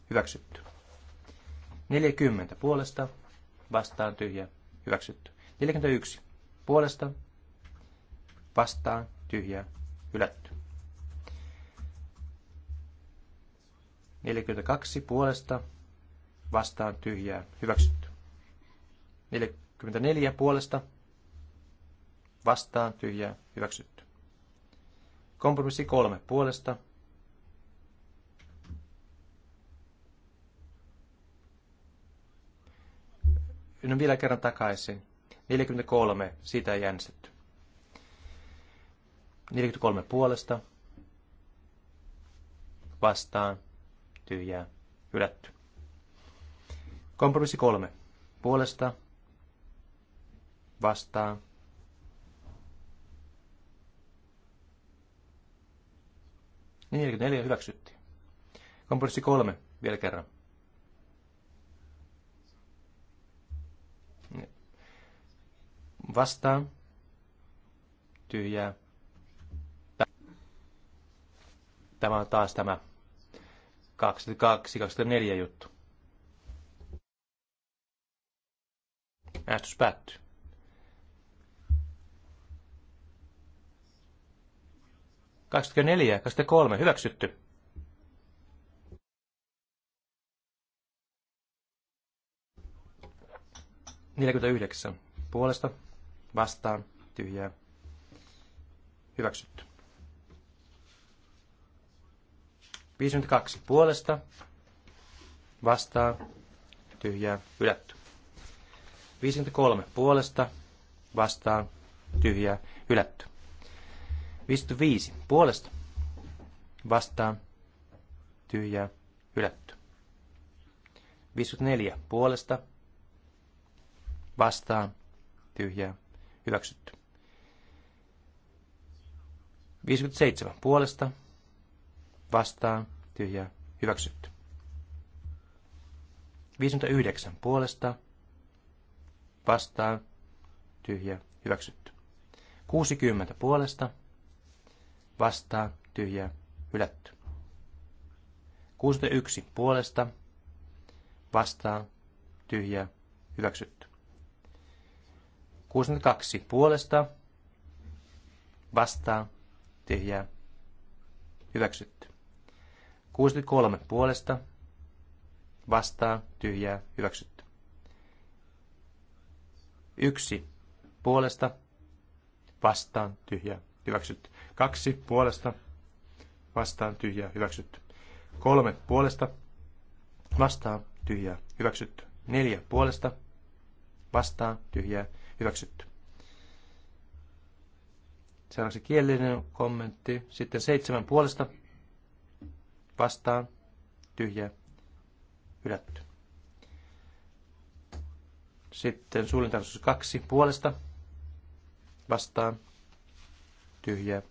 hyväksytty. 40 puolesta, vastaan, tyhjä, hyväksytty. 41 puolesta, vastaan, tyhjä, hylätty. 42 puolesta vastaan tyhjää hyväksytty. 44 puolesta vastaan tyhjää hyväksytty. Kompromissi kolme puolesta No vielä kerran takaisin. 43, sitä ei äänestetty. 43 puolesta vastaan tyhjää hylätty. Kompromissi kolme. Puolesta vastaan Niin, 44 hyväksyttiin. Kompromissi kolme, vielä kerran. Vastaan. Tyhjää. Tämä on taas tämä 22-24 juttu. Äänestys päättyy. Kaksikymmentäneljä, kolme, hyväksytty. yhdeksän puolesta, vastaan, tyhjää, hyväksytty. 52 puolesta vastaa tyhjää hylätty. 53 puolesta vastaa tyhjää hylätty. 55 puolesta vastaa tyhjää hylätty. 54 puolesta vastaa tyhjää hyväksytty. 57 puolesta vastaan, tyhjä hyväksytty. 59 puolesta, vastaan, tyhjä, hyväksytty. 60 puolesta, vastaan, tyhjä, hylätty. 61 puolesta, vastaan, tyhjä, hyväksytty. 62 puolesta, vastaan, tyhjä, hyväksytty. 63 puolesta vastaa tyhjää hyväksytty. Yksi puolesta vastaan tyhjää hyväksytty. Kaksi puolesta vastaan tyhjää hyväksytty. Kolme puolesta vastaan tyhjää hyväksytty. Neljä puolesta vastaan tyhjää hyväksytty. Seuraavaksi kielinen kommentti. Sitten seitsemän puolesta vastaan, tyhjä, hylätty. Sitten suunnitelmassa kaksi puolesta, vastaan, tyhjä,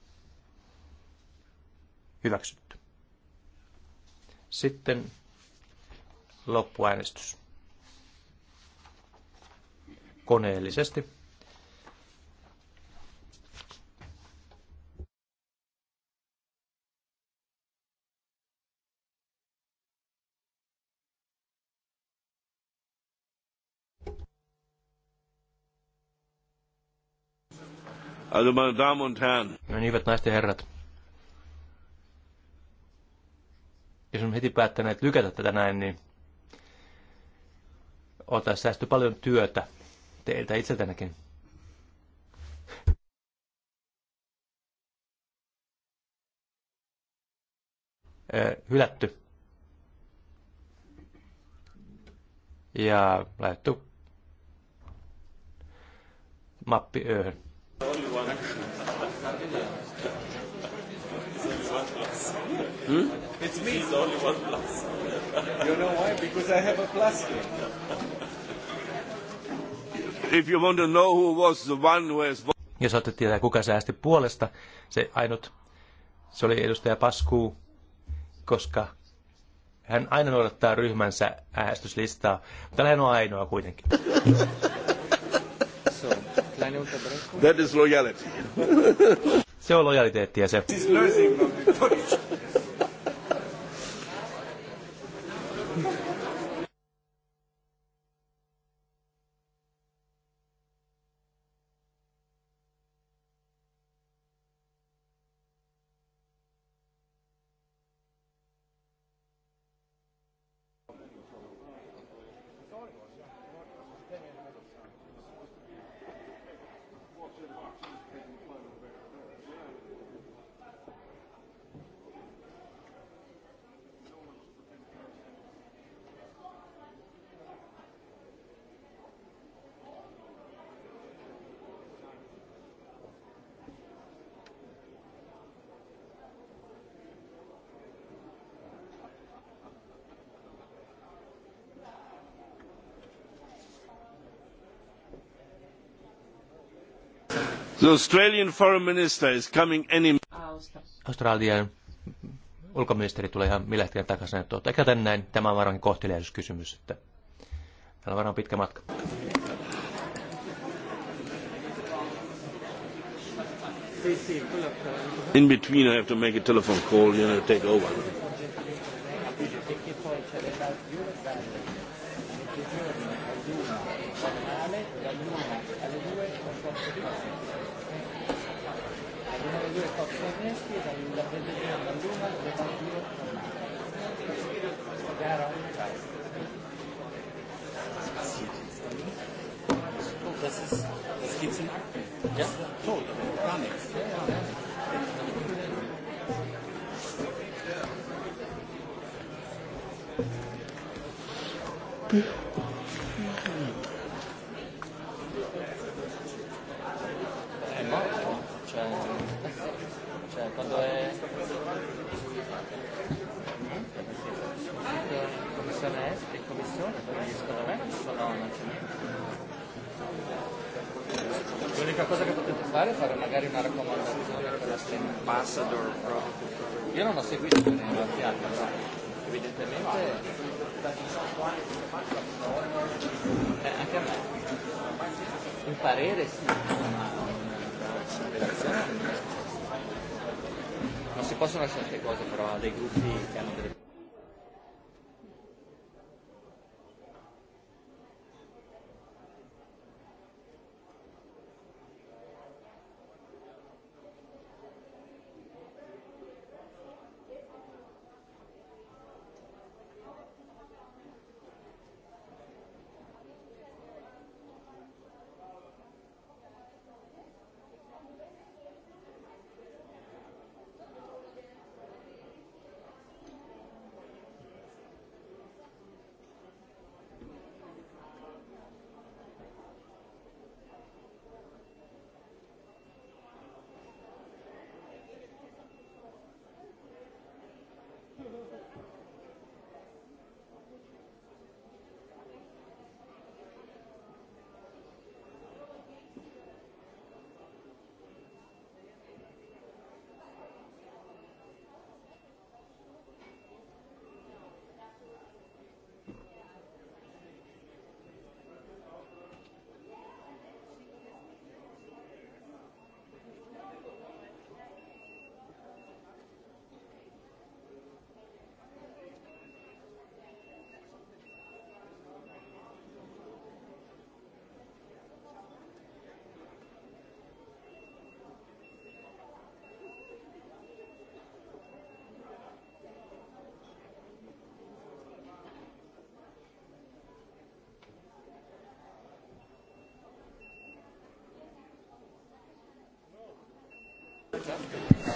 hyväksytty. Sitten loppuäänestys koneellisesti. Also, meine Damen und Herren. Meine no niin, hyvät naiset ja herrat. Jos on heti päättäneet lykätä tätä näin, niin oltaisiin säästy paljon työtä teiltä itseltänäkin. hylätty. Ja laitettu mappi ööhön. Hmm? It's me. It's only one plus. you know why? Because I have a plus If you want to know who was the one who has... Jos olette tietää, kuka säästi puolesta, se ainut, se oli edustaja Paskuu, koska hän aina noudattaa ryhmänsä äästyslistaa. mutta hän on ainoa kuitenkin. That is loyalty. se on lojaliteettia se. Siis löysin Australian Australian ulkoministeri tulee ihan millä hetkellä takaisin. Tuota, eikä tän näin. Tämä on varmaan kohteliaisuuskysymys. Että täällä on varmaan pitkä matka. In between I have to make a telephone call, you know, take over. Pozzo Onesti dalla Presidente a Luma del Partito Romano. Chiaro? Das, ist, das gibt's in Akten. Ja? parere sì, ma non si possono lasciare queste cose però dei gruppi che hanno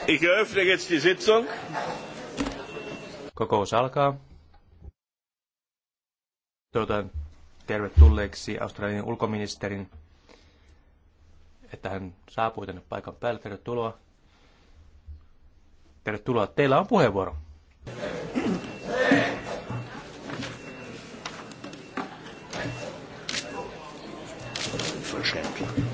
Ich eröffne jetzt die Sitzung. Kokous alkaa. Toivotan tervetulleeksi Australian ulkoministerin, että hän saapui tänne paikan päälle. Tervetuloa. Tervetuloa. Teillä on puheenvuoro. Verschämt.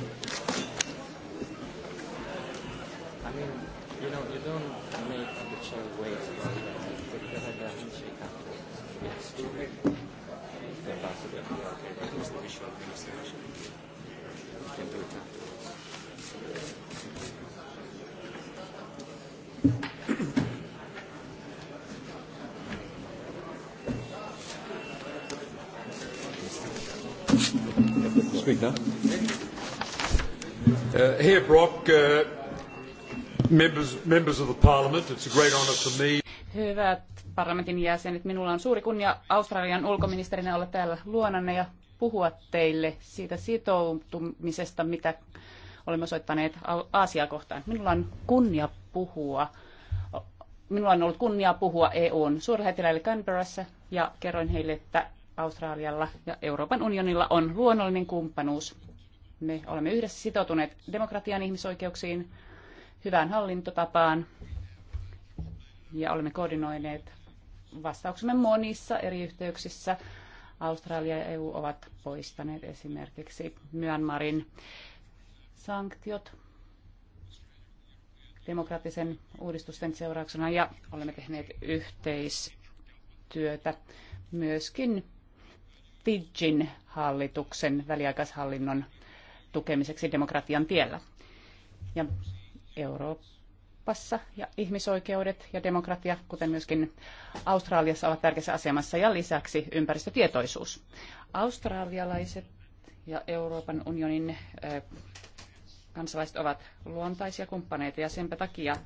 quick now. Uh, here, Brock, uh, members, members of the Parliament, it's a great honour for me. Hyvät parlamentin jäsenet, minulla on suuri kunnia Australian ulkoministerinä olla täällä luonanne ja puhua teille siitä sitoutumisesta, mitä olemme soittaneet Aasiaa kohtaan. Minulla on kunnia puhua minulla on ollut kunnia puhua EUn suurlähettiläille Canberrassa ja kerroin heille, että Australialla ja Euroopan unionilla on luonnollinen kumppanuus. Me olemme yhdessä sitoutuneet demokratian ihmisoikeuksiin, hyvään hallintotapaan ja olemme koordinoineet vastauksemme monissa eri yhteyksissä. Australia ja EU ovat poistaneet esimerkiksi Myanmarin sanktiot demokraattisen uudistusten seurauksena ja olemme tehneet yhteistyötä myöskin Fidjin hallituksen väliaikaishallinnon tukemiseksi demokratian tiellä. Ja Euroopassa ja ihmisoikeudet ja demokratia, kuten myöskin Australiassa, ovat tärkeässä asemassa ja lisäksi ympäristötietoisuus. Australialaiset ja Euroopan unionin kansalaiset ovat luontaisia kumppaneita ja senpä takia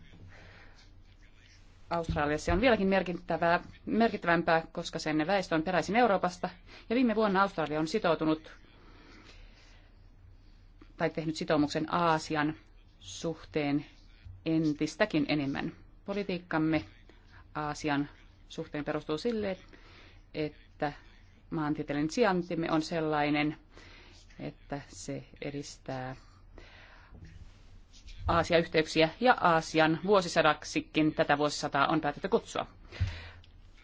Australiassa on vieläkin merkittävää, merkittävämpää, koska sen väestö on peräisin Euroopasta. Ja viime vuonna Australia on sitoutunut tai tehnyt sitoumuksen Aasian suhteen entistäkin enemmän. Politiikkamme Aasian suhteen perustuu sille, että maantieteellinen sijaintimme on sellainen, että se edistää Aasia-yhteyksiä ja Aasian vuosisadaksikin tätä vuosisataa on päätetty kutsua.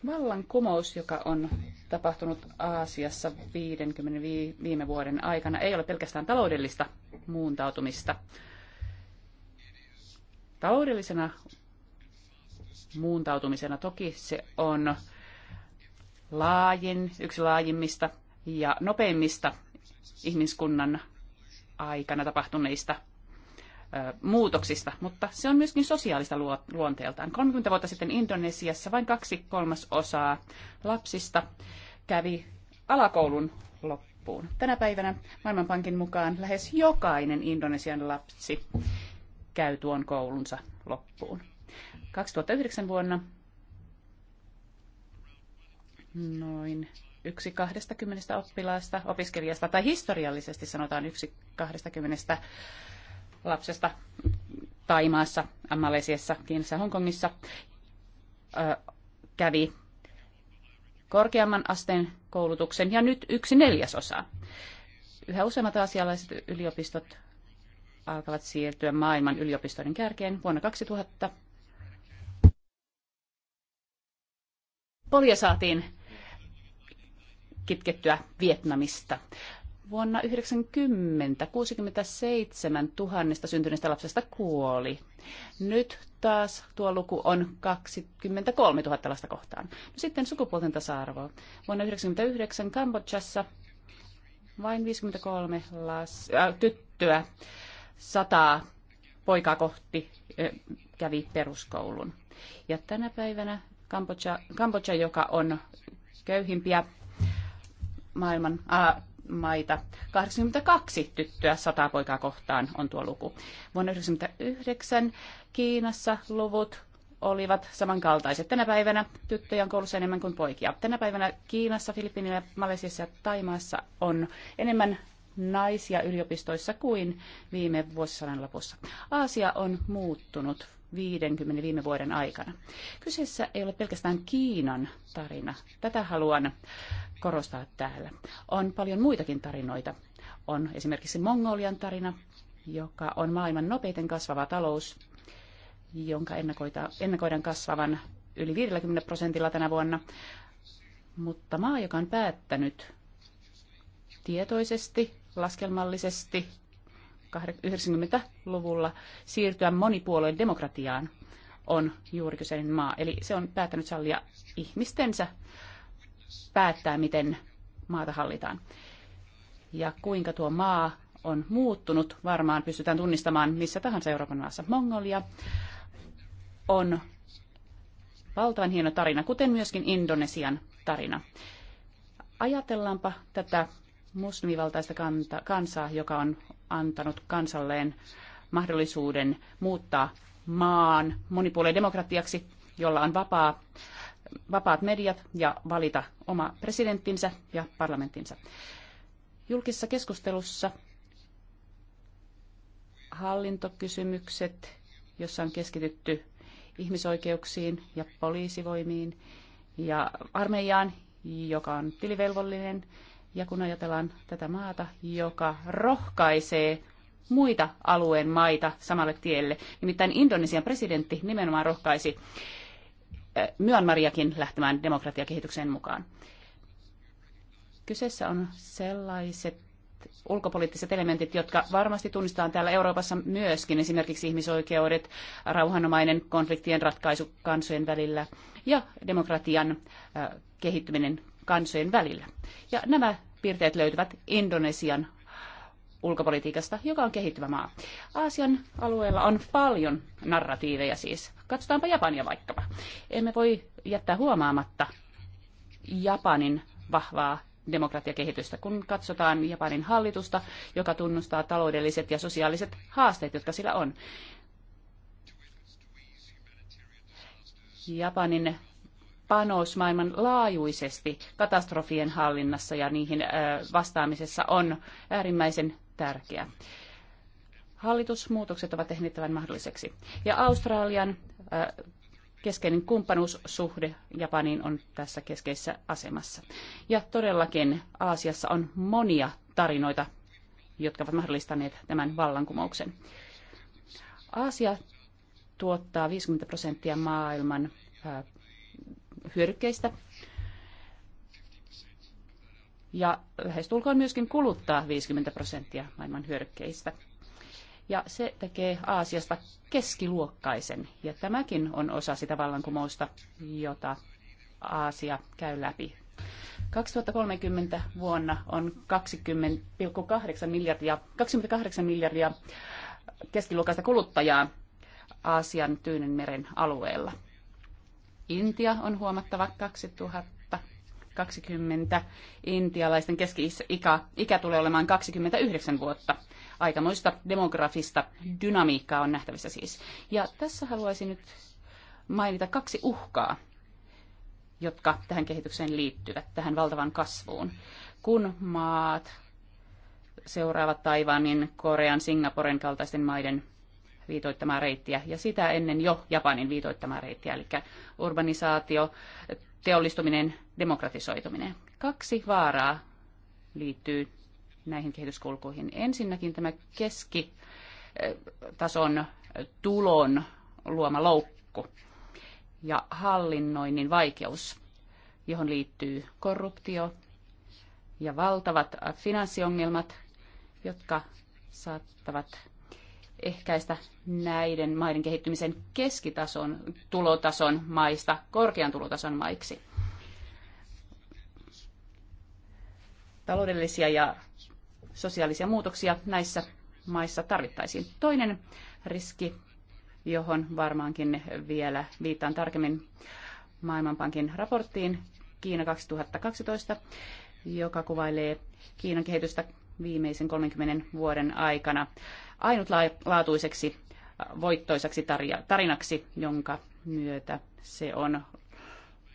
Vallankumous, joka on tapahtunut Aasiassa 50 viime vuoden aikana, ei ole pelkästään taloudellista muuntautumista. Taloudellisena muuntautumisena toki se on laajin, yksi laajimmista ja nopeimmista ihmiskunnan aikana tapahtuneista muutoksista, mutta se on myöskin sosiaalista luonteeltaan. 30 vuotta sitten Indonesiassa vain kaksi kolmasosaa lapsista kävi alakoulun loppuun. Tänä päivänä Maailmanpankin mukaan lähes jokainen Indonesian lapsi käy tuon koulunsa loppuun. 2009 vuonna noin yksi 20 oppilaasta, opiskelijasta, tai historiallisesti sanotaan yksi 20 lapsesta Taimaassa, Malesiassa, Kiinassa, Hongkongissa kävi korkeamman asteen koulutuksen ja nyt yksi neljäsosa. Yhä useammat asialaiset yliopistot alkavat siirtyä maailman yliopistojen kärkeen vuonna 2000. Polja saatiin kitkettyä Vietnamista. Vuonna 90 67 000 syntyneestä lapsesta kuoli. Nyt taas tuo luku on 23 000 lasta kohtaan. No sitten sukupuolten tasa-arvo. Vuonna 99 Kambodžassa vain 53 las, äh, tyttöä sataa poikaa kohti äh, kävi peruskoulun. Ja tänä päivänä Kambodža, Kambodža joka on köyhimpiä maailman, äh, maita. 82 tyttöä 100 poikaa kohtaan on tuo luku. Vuonna 1999 Kiinassa luvut olivat samankaltaiset. Tänä päivänä tyttöjä on koulussa enemmän kuin poikia. Tänä päivänä Kiinassa, Filippiinillä, Malesiassa ja Taimaassa on enemmän naisia yliopistoissa kuin viime vuosisadan lopussa. Aasia on muuttunut 50 viime vuoden aikana. Kyseessä ei ole pelkästään Kiinan tarina. Tätä haluan korostaa täällä. On paljon muitakin tarinoita. On esimerkiksi Mongolian tarina, joka on maailman nopeiten kasvava talous, jonka ennakoidaan kasvavan yli 50 prosentilla tänä vuonna. Mutta maa, joka on päättänyt tietoisesti, laskelmallisesti 90-luvulla siirtyä monipuolueen demokratiaan on juuri kyseinen maa. Eli se on päättänyt sallia ihmistensä päättää, miten maata hallitaan. Ja kuinka tuo maa on muuttunut, varmaan pystytään tunnistamaan missä tahansa Euroopan maassa. Mongolia on valtavan hieno tarina, kuten myöskin Indonesian tarina. Ajatellaanpa tätä muslimivaltaista kansaa, joka on antanut kansalleen mahdollisuuden muuttaa maan monipuolen demokratiaksi, jolla on vapaa, vapaat mediat ja valita oma presidenttinsä ja parlamenttinsa. Julkisessa keskustelussa hallintokysymykset, jossa on keskitytty ihmisoikeuksiin ja poliisivoimiin ja armeijaan, joka on tilivelvollinen ja kun ajatellaan tätä maata, joka rohkaisee muita alueen maita samalle tielle, nimittäin Indonesian presidentti nimenomaan rohkaisi äh, Myanmariakin lähtemään demokratiakehitykseen mukaan. Kyseessä on sellaiset ulkopoliittiset elementit, jotka varmasti tunnistetaan täällä Euroopassa myöskin, esimerkiksi ihmisoikeudet, rauhanomainen konfliktien ratkaisu kansojen välillä ja demokratian äh, kehittyminen kansojen välillä. Ja nämä piirteet löytyvät Indonesian ulkopolitiikasta, joka on kehittyvä maa. Aasian alueella on paljon narratiiveja siis. Katsotaanpa Japania vaikkapa. Emme voi jättää huomaamatta Japanin vahvaa demokratiakehitystä, kun katsotaan Japanin hallitusta, joka tunnustaa taloudelliset ja sosiaaliset haasteet, jotka sillä on. Japanin panos maailman laajuisesti katastrofien hallinnassa ja niihin vastaamisessa on äärimmäisen tärkeä. Hallitusmuutokset ovat tehneet tämän mahdolliseksi. Ja Australian keskeinen kumppanuussuhde Japaniin on tässä keskeisessä asemassa. Ja todellakin Aasiassa on monia tarinoita, jotka ovat mahdollistaneet tämän vallankumouksen. Aasia tuottaa 50 prosenttia maailman hyödykkeistä. Ja lähestulkoon myöskin kuluttaa 50 prosenttia maailman hyödykkeistä. Ja se tekee Aasiasta keskiluokkaisen. Ja tämäkin on osa sitä vallankumousta, jota Aasia käy läpi 2030 vuonna on 20,8 miljardia, 28 miljardia keskiluokkaista kuluttajaa Aasian tyynenmeren alueella. Intia on huomattava 2020. Intialaisten keski-ikä tulee olemaan 29 vuotta. Aikamoista demografista dynamiikkaa on nähtävissä siis. Ja tässä haluaisin nyt mainita kaksi uhkaa, jotka tähän kehitykseen liittyvät, tähän valtavan kasvuun. Kun maat seuraavat taivaanin Korean, Singaporen kaltaisten maiden viitoittamaa reittiä ja sitä ennen jo Japanin viitoittamaa reittiä, eli urbanisaatio, teollistuminen, demokratisoituminen. Kaksi vaaraa liittyy näihin kehityskulkuihin. Ensinnäkin tämä keskitason tulon luoma loukku ja hallinnoinnin vaikeus, johon liittyy korruptio ja valtavat finanssiongelmat, jotka saattavat ehkäistä näiden maiden kehittymisen keskitason tulotason maista korkean tulotason maiksi. Taloudellisia ja sosiaalisia muutoksia näissä maissa tarvittaisiin. Toinen riski, johon varmaankin vielä viittaan tarkemmin Maailmanpankin raporttiin Kiina 2012, joka kuvailee Kiinan kehitystä viimeisen 30 vuoden aikana ainutlaatuiseksi äh, voittoisaksi tarinaksi, jonka myötä se on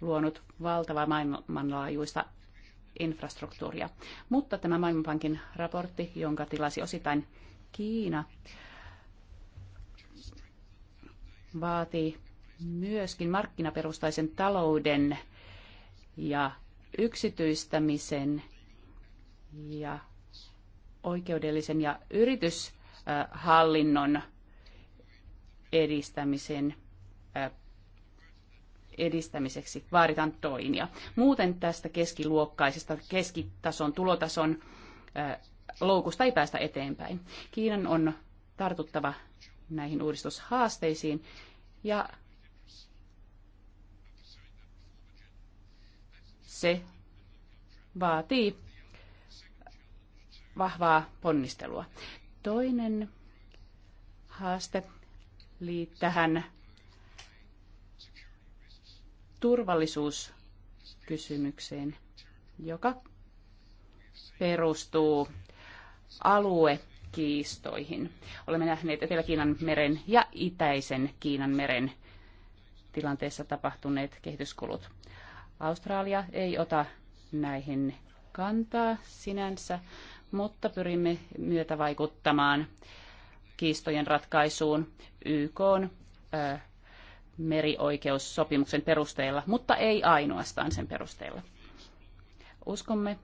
luonut valtavaa maailmanlaajuista infrastruktuuria. Mutta tämä Maailmanpankin raportti, jonka tilasi osittain Kiina, vaatii myöskin markkinaperustaisen talouden ja yksityistämisen ja oikeudellisen ja yritys hallinnon edistämisen edistämiseksi vaaditaan toimia. Muuten tästä keskiluokkaisesta keskitason tulotason loukusta ei päästä eteenpäin. Kiinan on tartuttava näihin uudistushaasteisiin ja se vaatii vahvaa ponnistelua. Toinen haaste liittyy tähän turvallisuuskysymykseen, joka perustuu aluekiistoihin. Olemme nähneet Etelä-Kiinan meren ja Itäisen Kiinan meren tilanteessa tapahtuneet kehityskulut. Australia ei ota näihin kantaa sinänsä, mutta pyrimme myötä vaikuttamaan kiistojen ratkaisuun YK ö, merioikeussopimuksen perusteella, mutta ei ainoastaan sen perusteella. Uskomme,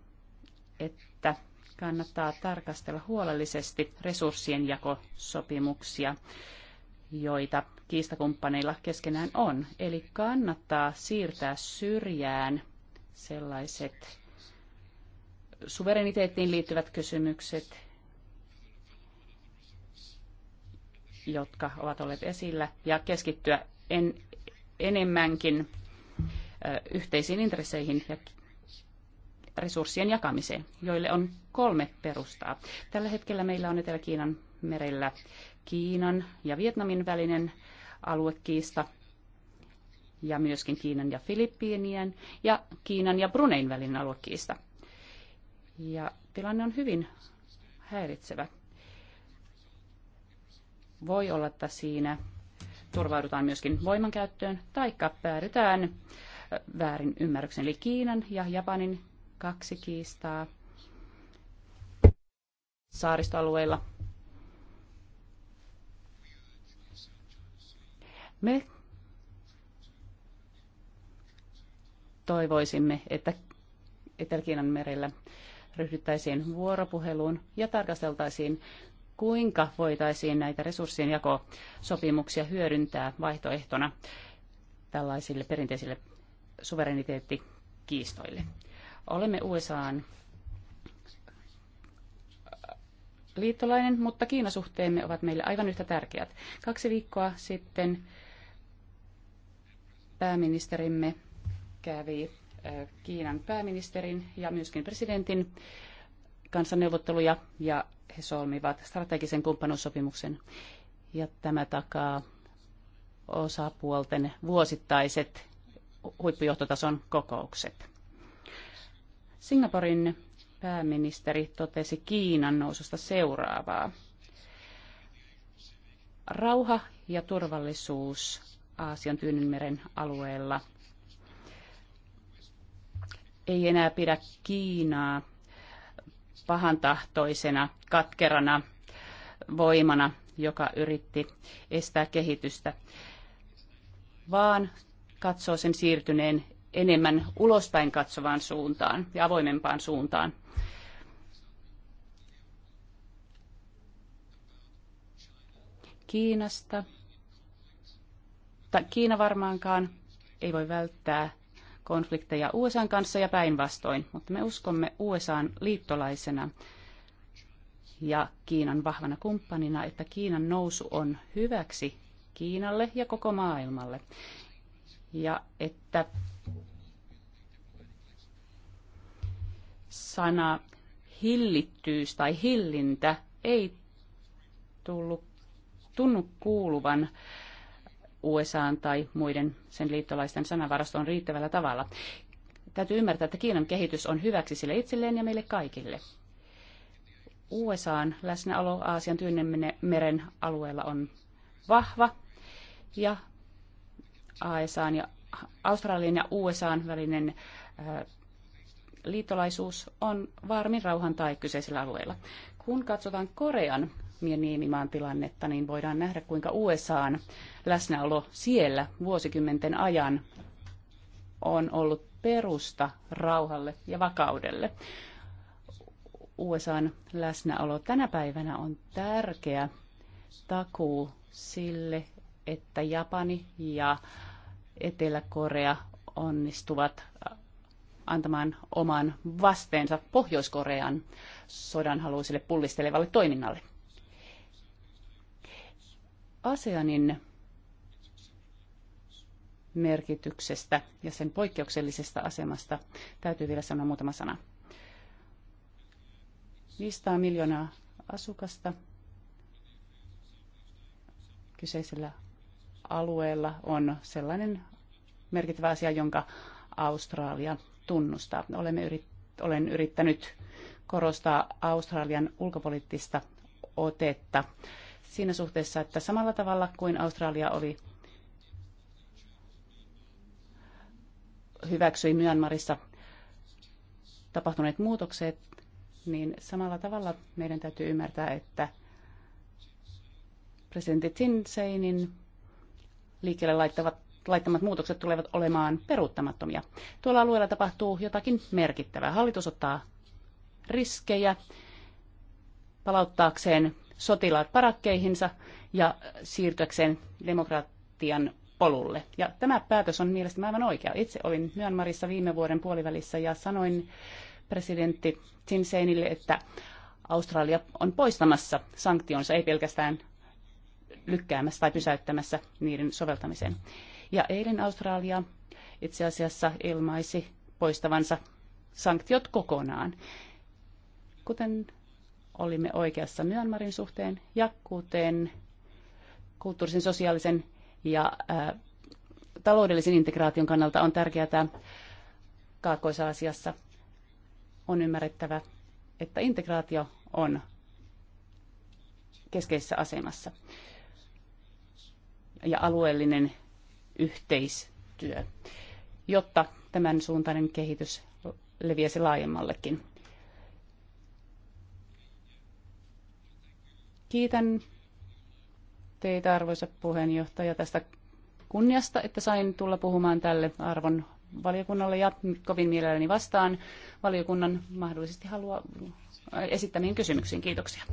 että kannattaa tarkastella huolellisesti resurssien jakosopimuksia, joita kiistakumppaneilla keskenään on. Eli kannattaa siirtää syrjään sellaiset suvereniteettiin liittyvät kysymykset, jotka ovat olleet esillä, ja keskittyä en, enemmänkin yhteisiin intresseihin ja resurssien jakamiseen, joille on kolme perustaa. Tällä hetkellä meillä on Etelä-Kiinan merellä Kiinan ja Vietnamin välinen aluekiista ja myöskin Kiinan ja Filippiinien ja Kiinan ja Brunein välinen aluekiista. Ja tilanne on hyvin häiritsevä. Voi olla, että siinä turvaudutaan myöskin voimankäyttöön, taikka päädytään väärin ymmärryksen, eli Kiinan ja Japanin kaksi kiistaa saaristoalueilla. Me toivoisimme, että Etelä-Kiinan merellä ryhdyttäisiin vuoropuheluun ja tarkasteltaisiin, kuinka voitaisiin näitä resurssien jakosopimuksia hyödyntää vaihtoehtona tällaisille perinteisille suvereniteettikiistoille. Olemme USAan liittolainen, mutta Kiinasuhteemme ovat meille aivan yhtä tärkeät. Kaksi viikkoa sitten pääministerimme kävi Kiinan pääministerin ja myöskin presidentin kanssa neuvotteluja ja he solmivat strategisen kumppanuussopimuksen. Ja tämä takaa osapuolten vuosittaiset huippujohtotason kokoukset. Singaporin pääministeri totesi Kiinan noususta seuraavaa. Rauha ja turvallisuus Aasian Tyynynmeren alueella ei enää pidä Kiinaa pahantahtoisena, katkerana voimana, joka yritti estää kehitystä, vaan katsoo sen siirtyneen enemmän ulospäin katsovaan suuntaan ja avoimempaan suuntaan. Kiinasta. tai Kiina varmaankaan ei voi välttää konflikteja USAn kanssa ja päinvastoin, mutta me uskomme USAn liittolaisena ja Kiinan vahvana kumppanina, että Kiinan nousu on hyväksi Kiinalle ja koko maailmalle. Ja että sana hillittyys tai hillintä ei tullut, tunnu kuuluvan USAn tai muiden sen liittolaisten sanavarastoon riittävällä tavalla. Täytyy ymmärtää, että Kiinan kehitys on hyväksi sille itselleen ja meille kaikille. USAn läsnäolo Aasian meren alueella on vahva ja ASAn ja Australian ja USAn välinen äh, liittolaisuus on varmin rauhan tai kyseisellä alueella. Kun katsotaan Korean niemimaan tilannetta, niin voidaan nähdä, kuinka USAn läsnäolo siellä vuosikymmenten ajan on ollut perusta rauhalle ja vakaudelle. USAn läsnäolo tänä päivänä on tärkeä takuu sille, että Japani ja Etelä-Korea onnistuvat antamaan oman vasteensa Pohjois-Korean sodanhaluiselle pullistelevalle toiminnalle. ASEANin merkityksestä ja sen poikkeuksellisesta asemasta täytyy vielä sanoa muutama sana. 500 miljoonaa asukasta kyseisellä alueella on sellainen merkittävä asia, jonka Australia tunnustaa. Olemme yrit, olen yrittänyt korostaa Australian ulkopoliittista otetta siinä suhteessa, että samalla tavalla kuin Australia oli hyväksyi Myanmarissa tapahtuneet muutokset, niin samalla tavalla meidän täytyy ymmärtää, että presidentti Seinin liikkeelle laittavat, laittamat muutokset tulevat olemaan peruuttamattomia. Tuolla alueella tapahtuu jotakin merkittävää. Hallitus ottaa riskejä palauttaakseen sotilaat parakkeihinsa ja siirtyäkseen demokratian polulle. Ja tämä päätös on mielestäni aivan oikea. Itse olin Myanmarissa viime vuoden puolivälissä ja sanoin presidentti Tinseinille, että Australia on poistamassa sanktionsa, ei pelkästään lykkäämässä tai pysäyttämässä niiden soveltamisen. Ja eilen Australia itse asiassa ilmaisi poistavansa sanktiot kokonaan. Kuten olimme oikeassa Myanmarin suhteen jakkuuteen, kulttuurisen, sosiaalisen ja ää, taloudellisen integraation kannalta on tärkeää Kaakkois-Aasiassa on ymmärrettävä, että integraatio on keskeisessä asemassa ja alueellinen yhteistyö, jotta tämän suuntainen kehitys leviäisi laajemmallekin. Kiitän teitä, arvoisa puheenjohtaja, tästä kunniasta, että sain tulla puhumaan tälle arvon valiokunnalle ja kovin mielelläni vastaan valiokunnan mahdollisesti halua esittämiin kysymyksiin. Kiitoksia.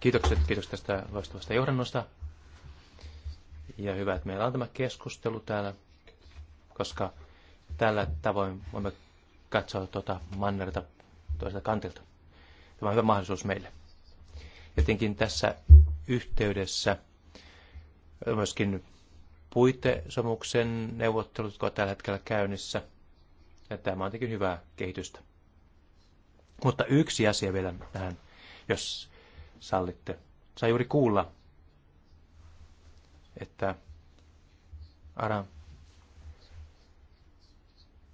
Kiitokset, kiitos tästä loistavasta johdannosta. Ja hyvä, että meillä on tämä keskustelu täällä, koska tällä tavoin voimme katsoa tuota mannerta toiselta kantilta. Tämä on hyvä mahdollisuus meille. Jotenkin tässä yhteydessä myöskin puitesomuksen neuvottelut, jotka ovat tällä hetkellä käynnissä. Ja tämä on tietenkin hyvää kehitystä. Mutta yksi asia vielä tähän, jos sallitte. Sain juuri kuulla, että Aram,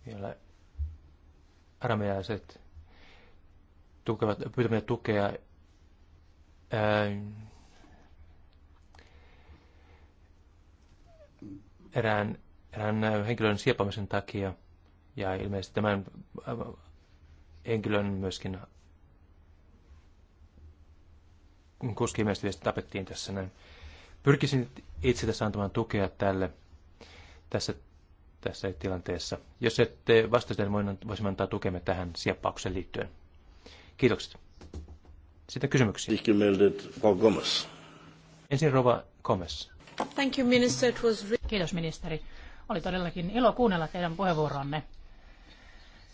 vielä armeijalaiset tukevat, pyytämme tukea ää, erään, erään henkilön siepamisen takia ja ilmeisesti tämän henkilön myöskin kuski ilmeisesti tapettiin tässä näin. Pyrkisin itse tässä antamaan tukea tälle tässä, tässä tilanteessa. Jos ette vastaisi, niin voisimme antaa tukemme tähän sieppaukseen liittyen. Kiitokset. Sitten kysymyksiä. Ensin Rova Gomez. Thank you, minister. It was... Kiitos ministeri. Oli todellakin ilo kuunnella teidän puheenvuoronne.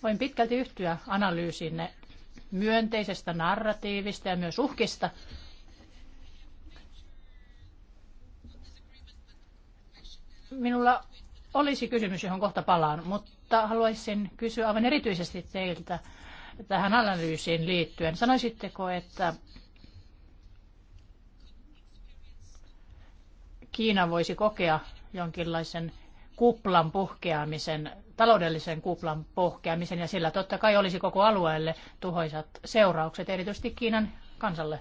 Voin pitkälti yhtyä analyysiinne myönteisestä narratiivista ja myös uhkista. Minulla olisi kysymys, johon kohta palaan, mutta haluaisin kysyä aivan erityisesti teiltä tähän analyysiin liittyen. Sanoisitteko, että Kiina voisi kokea jonkinlaisen kuplan puhkeamisen, taloudellisen kuplan puhkeamisen, ja sillä totta kai olisi koko alueelle tuhoisat seuraukset, erityisesti Kiinan kansalle.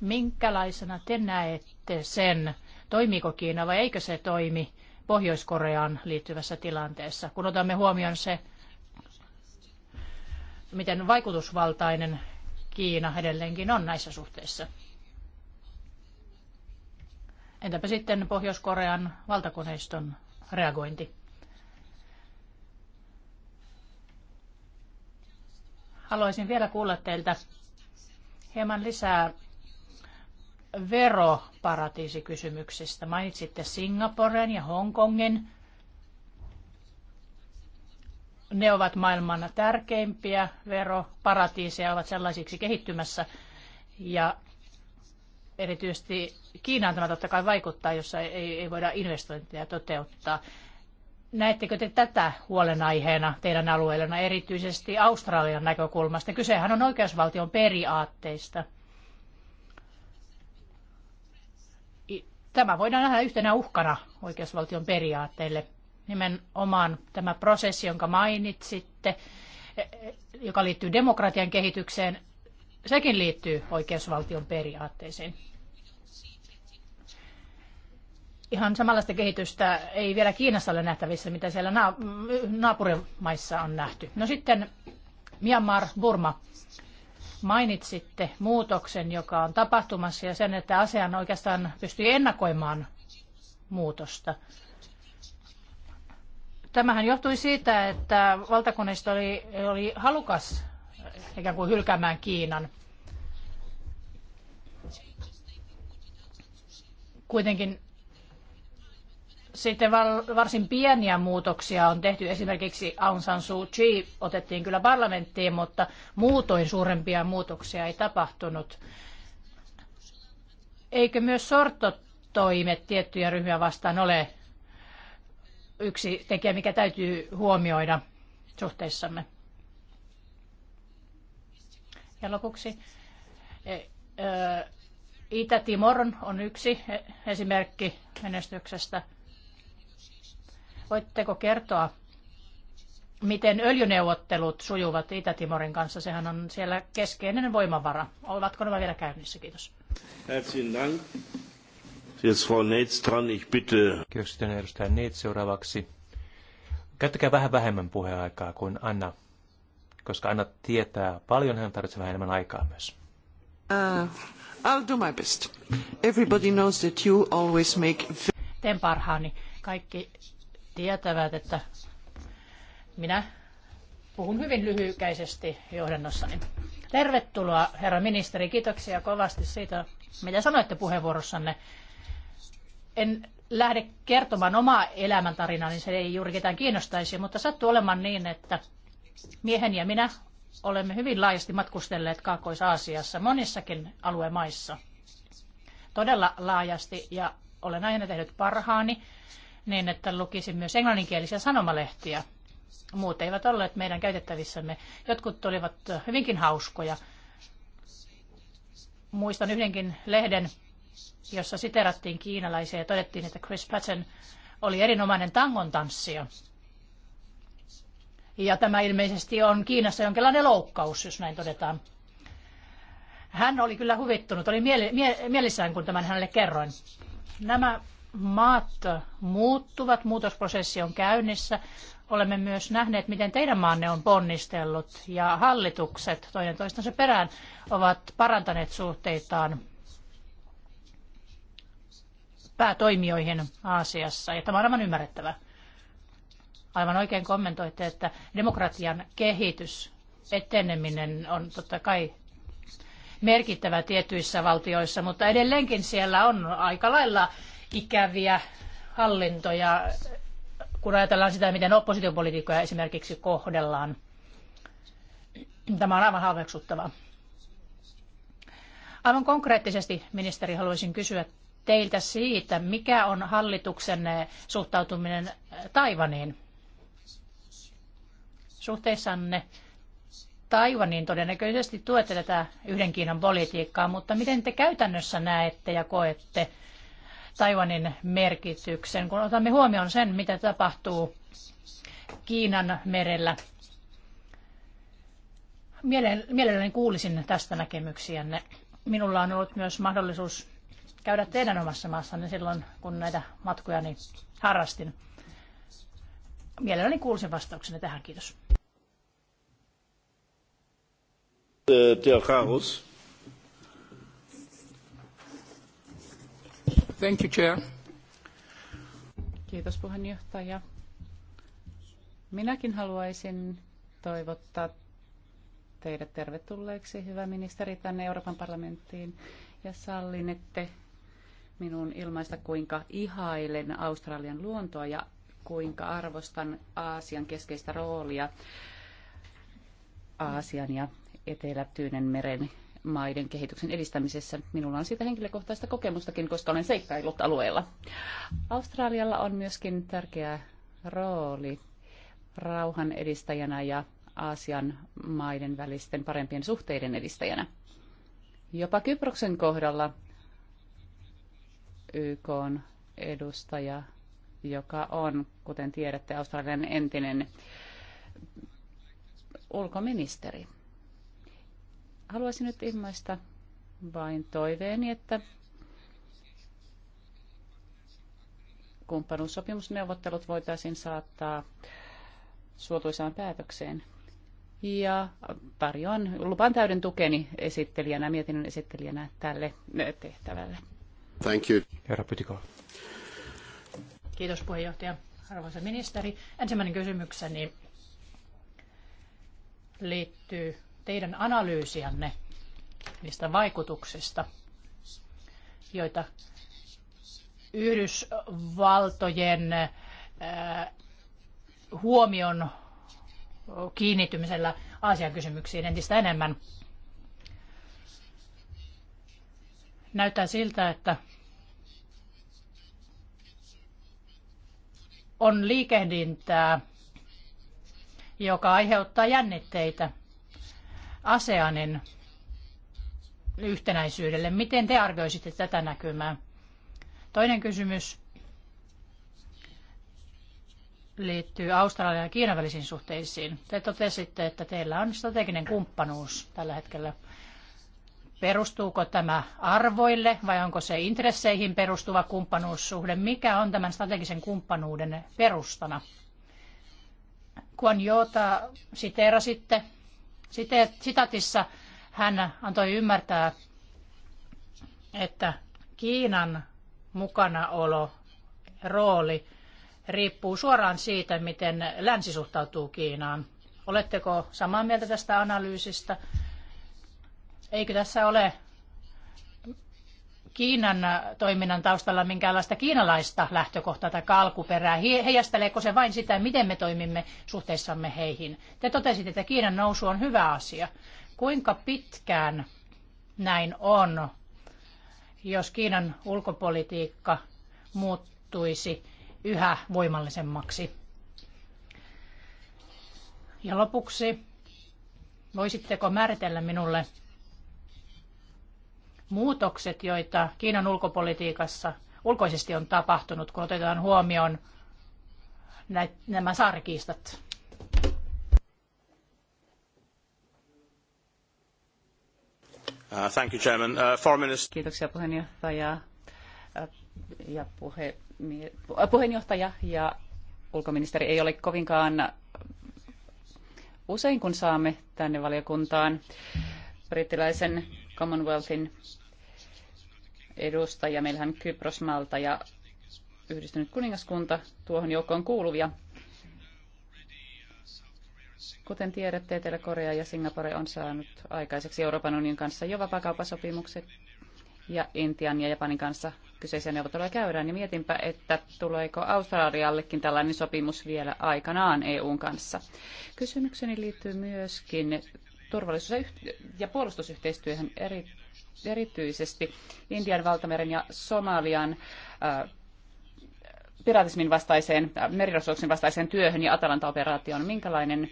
Minkälaisena te näette sen, toimiko Kiina vai eikö se toimi Pohjois-Koreaan liittyvässä tilanteessa, kun otamme huomioon se miten vaikutusvaltainen Kiina edelleenkin on näissä suhteissa. Entäpä sitten Pohjois-Korean valtakoneiston reagointi? Haluaisin vielä kuulla teiltä hieman lisää veroparatiisikysymyksistä. Mainitsitte Singaporen ja Hongkongin. Ne ovat maailman tärkeimpiä veroparatiiseja, ovat sellaisiksi kehittymässä. Ja erityisesti Kiinaan tämä totta kai vaikuttaa, jossa ei, ei voida investointeja toteuttaa. Näettekö te tätä huolenaiheena teidän alueellanne erityisesti Australian näkökulmasta? Kysehän on oikeusvaltion periaatteista. Tämä voidaan nähdä yhtenä uhkana oikeusvaltion periaatteille nimenomaan tämä prosessi, jonka mainitsitte, joka liittyy demokratian kehitykseen, sekin liittyy oikeusvaltion periaatteeseen. Ihan samanlaista kehitystä ei vielä Kiinassa ole nähtävissä, mitä siellä naapurimaissa on nähty. No sitten Myanmar, Burma. Mainitsitte muutoksen, joka on tapahtumassa ja sen, että ASEAN oikeastaan pystyy ennakoimaan muutosta. Tämähän johtui siitä, että valtakunnista oli, oli halukas ikään kuin hylkäämään Kiinan. Kuitenkin sitten varsin pieniä muutoksia on tehty. Esimerkiksi Aung San Suu Kyi otettiin kyllä parlamenttiin, mutta muutoin suurempia muutoksia ei tapahtunut. Eikö myös sortotoimet tiettyjä ryhmiä vastaan ole yksi tekijä, mikä täytyy huomioida suhteissamme. Ja lopuksi e, e, Itä-Timor on yksi e, esimerkki menestyksestä. Voitteko kertoa, miten öljyneuvottelut sujuvat Itä-Timorin kanssa? Sehän on siellä keskeinen voimavara. Ovatko nämä vielä käynnissä? Kiitos. Jetzt Frau Neitz ich bitte. Kiitos edustaja seuraavaksi. Käyttäkää vähän vähemmän puheaikaa kuin Anna, koska Anna tietää paljon, hän tarvitsee vähän enemmän aikaa myös. Uh, I'll do my best. Everybody knows that you always make... Teen parhaani. Kaikki tietävät, että minä puhun hyvin lyhykäisesti johdannossani. Tervetuloa, herra ministeri. Kiitoksia kovasti siitä, mitä sanoitte puheenvuorossanne en lähde kertomaan omaa elämäntarinaa, niin se ei juuri ketään kiinnostaisi, mutta sattuu olemaan niin, että miehen ja minä olemme hyvin laajasti matkustelleet Kaakkois-Aasiassa monissakin aluemaissa. Todella laajasti ja olen aina tehnyt parhaani niin, että lukisin myös englanninkielisiä sanomalehtiä. Muut eivät olleet meidän käytettävissämme. Jotkut olivat hyvinkin hauskoja. Muistan yhdenkin lehden jossa siterattiin kiinalaisia ja todettiin, että Chris Patton oli erinomainen tangon tanssija. Ja tämä ilmeisesti on Kiinassa jonkinlainen loukkaus, jos näin todetaan. Hän oli kyllä huvittunut, oli mieli, mie, mielissään, kun tämän hänelle kerroin. Nämä maat muuttuvat, muutosprosessi on käynnissä. Olemme myös nähneet, miten teidän maanne on ponnistellut ja hallitukset toinen toistensa perään ovat parantaneet suhteitaan päätoimijoihin Aasiassa, ja tämä on aivan ymmärrettävä Aivan oikein kommentoitte, että demokratian kehitys, eteneminen on totta kai merkittävä tietyissä valtioissa, mutta edelleenkin siellä on aika lailla ikäviä hallintoja, kun ajatellaan sitä, miten oppositiopolitiikkoja esimerkiksi kohdellaan. Tämä on aivan halveksuttavaa. Aivan konkreettisesti, ministeri, haluaisin kysyä teiltä siitä, mikä on hallituksen eh, suhtautuminen eh, Taivaniin suhteessanne. Taivaniin todennäköisesti tuette tätä yhden Kiinan politiikkaa, mutta miten te käytännössä näette ja koette Taiwanin merkityksen, kun otamme huomioon sen, mitä tapahtuu Kiinan merellä? Mielelläni kuulisin tästä näkemyksiänne. Minulla on ollut myös mahdollisuus käydä teidän omassa maassanne silloin, kun näitä matkoja niin harrastin. Mielelläni kuulisin vastauksenne tähän. Kiitos. Eh, Thank you, Chair. Kiitos puheenjohtaja. Minäkin haluaisin toivottaa teidät tervetulleeksi, hyvä ministeri, tänne Euroopan parlamenttiin ja sallinette minun ilmaista, kuinka ihailen Australian luontoa ja kuinka arvostan Aasian keskeistä roolia Aasian ja etelä meren maiden kehityksen edistämisessä. Minulla on siitä henkilökohtaista kokemustakin, koska olen seikkaillut alueella. Australialla on myöskin tärkeä rooli rauhan edistäjänä ja Aasian maiden välisten parempien suhteiden edistäjänä. Jopa Kyproksen kohdalla YK on edustaja, joka on, kuten tiedätte, Australian entinen ulkoministeri. Haluaisin nyt ilmaista vain toiveeni, että kumppanuussopimusneuvottelut voitaisiin saattaa suotuisaan päätökseen. Ja tarjoan, lupan täyden tukeni esittelijänä, mietinnön esittelijänä tälle tehtävälle. Thank you. Herra Kiitos puheenjohtaja. Arvoisa ministeri, ensimmäinen kysymykseni liittyy teidän analyysianne niistä vaikutuksista, joita Yhdysvaltojen huomion kiinnittymisellä Aasian kysymyksiin entistä enemmän Näyttää siltä, että on liikehdintää, joka aiheuttaa jännitteitä ASEANin yhtenäisyydelle. Miten te arvioisitte tätä näkymää? Toinen kysymys liittyy Australian ja Kiinan välisiin suhteisiin. Te totesitte, että teillä on strateginen kumppanuus tällä hetkellä – Perustuuko tämä arvoille vai onko se intresseihin perustuva kumppanuussuhde? Mikä on tämän strategisen kumppanuuden perustana? Kuan Joota siteerasitte. Site, sitatissa hän antoi ymmärtää, että Kiinan mukanaolo, rooli riippuu suoraan siitä, miten länsi suhtautuu Kiinaan. Oletteko samaa mieltä tästä analyysistä? Eikö tässä ole Kiinan toiminnan taustalla minkäänlaista kiinalaista lähtökohtaa tai kalkuperää? Heijasteleeko se vain sitä, miten me toimimme suhteessamme heihin? Te totesitte, että Kiinan nousu on hyvä asia. Kuinka pitkään näin on, jos Kiinan ulkopolitiikka muuttuisi yhä voimallisemmaksi? Ja lopuksi, voisitteko määritellä minulle muutokset, joita Kiinan ulkopolitiikassa ulkoisesti on tapahtunut, kun otetaan huomioon nämä saarikiistat? Uh, thank you, Chairman. Uh, foreign minister... Kiitoksia puheenjohtaja uh, ja puhe, uh, puheenjohtaja ja ulkoministeri ei ole kovinkaan usein, kun saamme tänne valiokuntaan brittiläisen Commonwealthin edustaja. Meillähän Kypros, Malta ja yhdistynyt kuningaskunta tuohon joukkoon kuuluvia. Kuten tiedätte, Etelä-Korea ja Singapore on saanut aikaiseksi Euroopan unionin kanssa jo vapakauppasopimukset ja Intian ja Japanin kanssa kyseisiä neuvotteluja käydään. Niin mietinpä, että tuleeko Australiallekin tällainen sopimus vielä aikanaan EUn kanssa. Kysymykseni liittyy myöskin turvallisuus- ja puolustusyhteistyöhön eri, erityisesti Indian valtameren ja Somalian äh, piratismin vastaiseen, äh, merirosvouksen vastaiseen työhön ja Atalanta-operaatioon. Minkälainen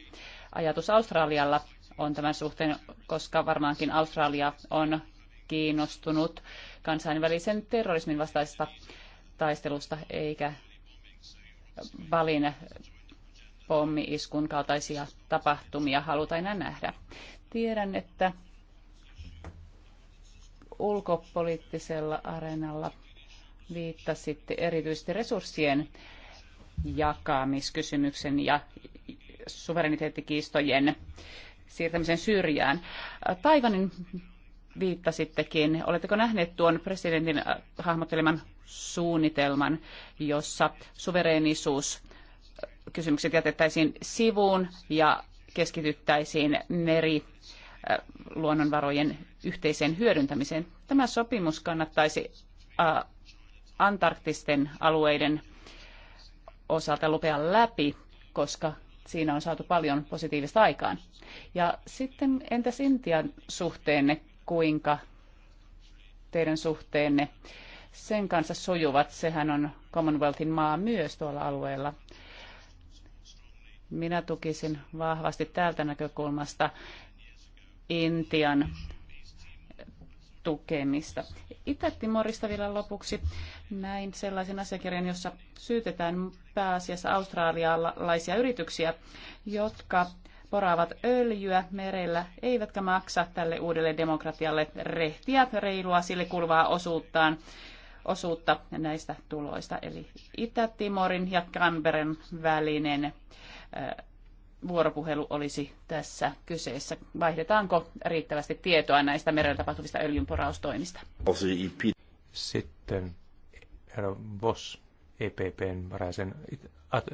ajatus Australialla on tämän suhteen, koska varmaankin Australia on kiinnostunut kansainvälisen terrorismin vastaisesta taistelusta, eikä Balin pommi-iskun kaltaisia tapahtumia haluta enää nähdä. Tiedän, että ulkopoliittisella areenalla viittasitte erityisesti resurssien jakamiskysymyksen ja suvereniteettikiistojen siirtämisen syrjään. Taivanin viittasittekin. Oletteko nähneet tuon presidentin hahmotteleman suunnitelman, jossa suvereenisuus kysymykset jätettäisiin sivuun ja keskityttäisiin meri äh, luonnonvarojen yhteiseen hyödyntämiseen. Tämä sopimus kannattaisi äh, antarktisten alueiden osalta lupea läpi, koska siinä on saatu paljon positiivista aikaan. Ja sitten entäs Intian suhteenne, kuinka teidän suhteenne sen kanssa sujuvat? Sehän on Commonwealthin maa myös tuolla alueella. Minä tukisin vahvasti täältä näkökulmasta Intian tukemista. Itä-Timorista vielä lopuksi näin sellaisen asiakirjan, jossa syytetään pääasiassa australialaisia yrityksiä, jotka poraavat öljyä merellä, eivätkä maksa tälle uudelle demokratialle rehtiä, reilua sille kulvaa osuuttaan osuutta näistä tuloista, eli Itä-Timorin ja Canberran välinen vuoropuhelu olisi tässä kyseessä. Vaihdetaanko riittävästi tietoa näistä merellä tapahtuvista öljynporaustoimista? Sitten herra Voss, EPPn varaisen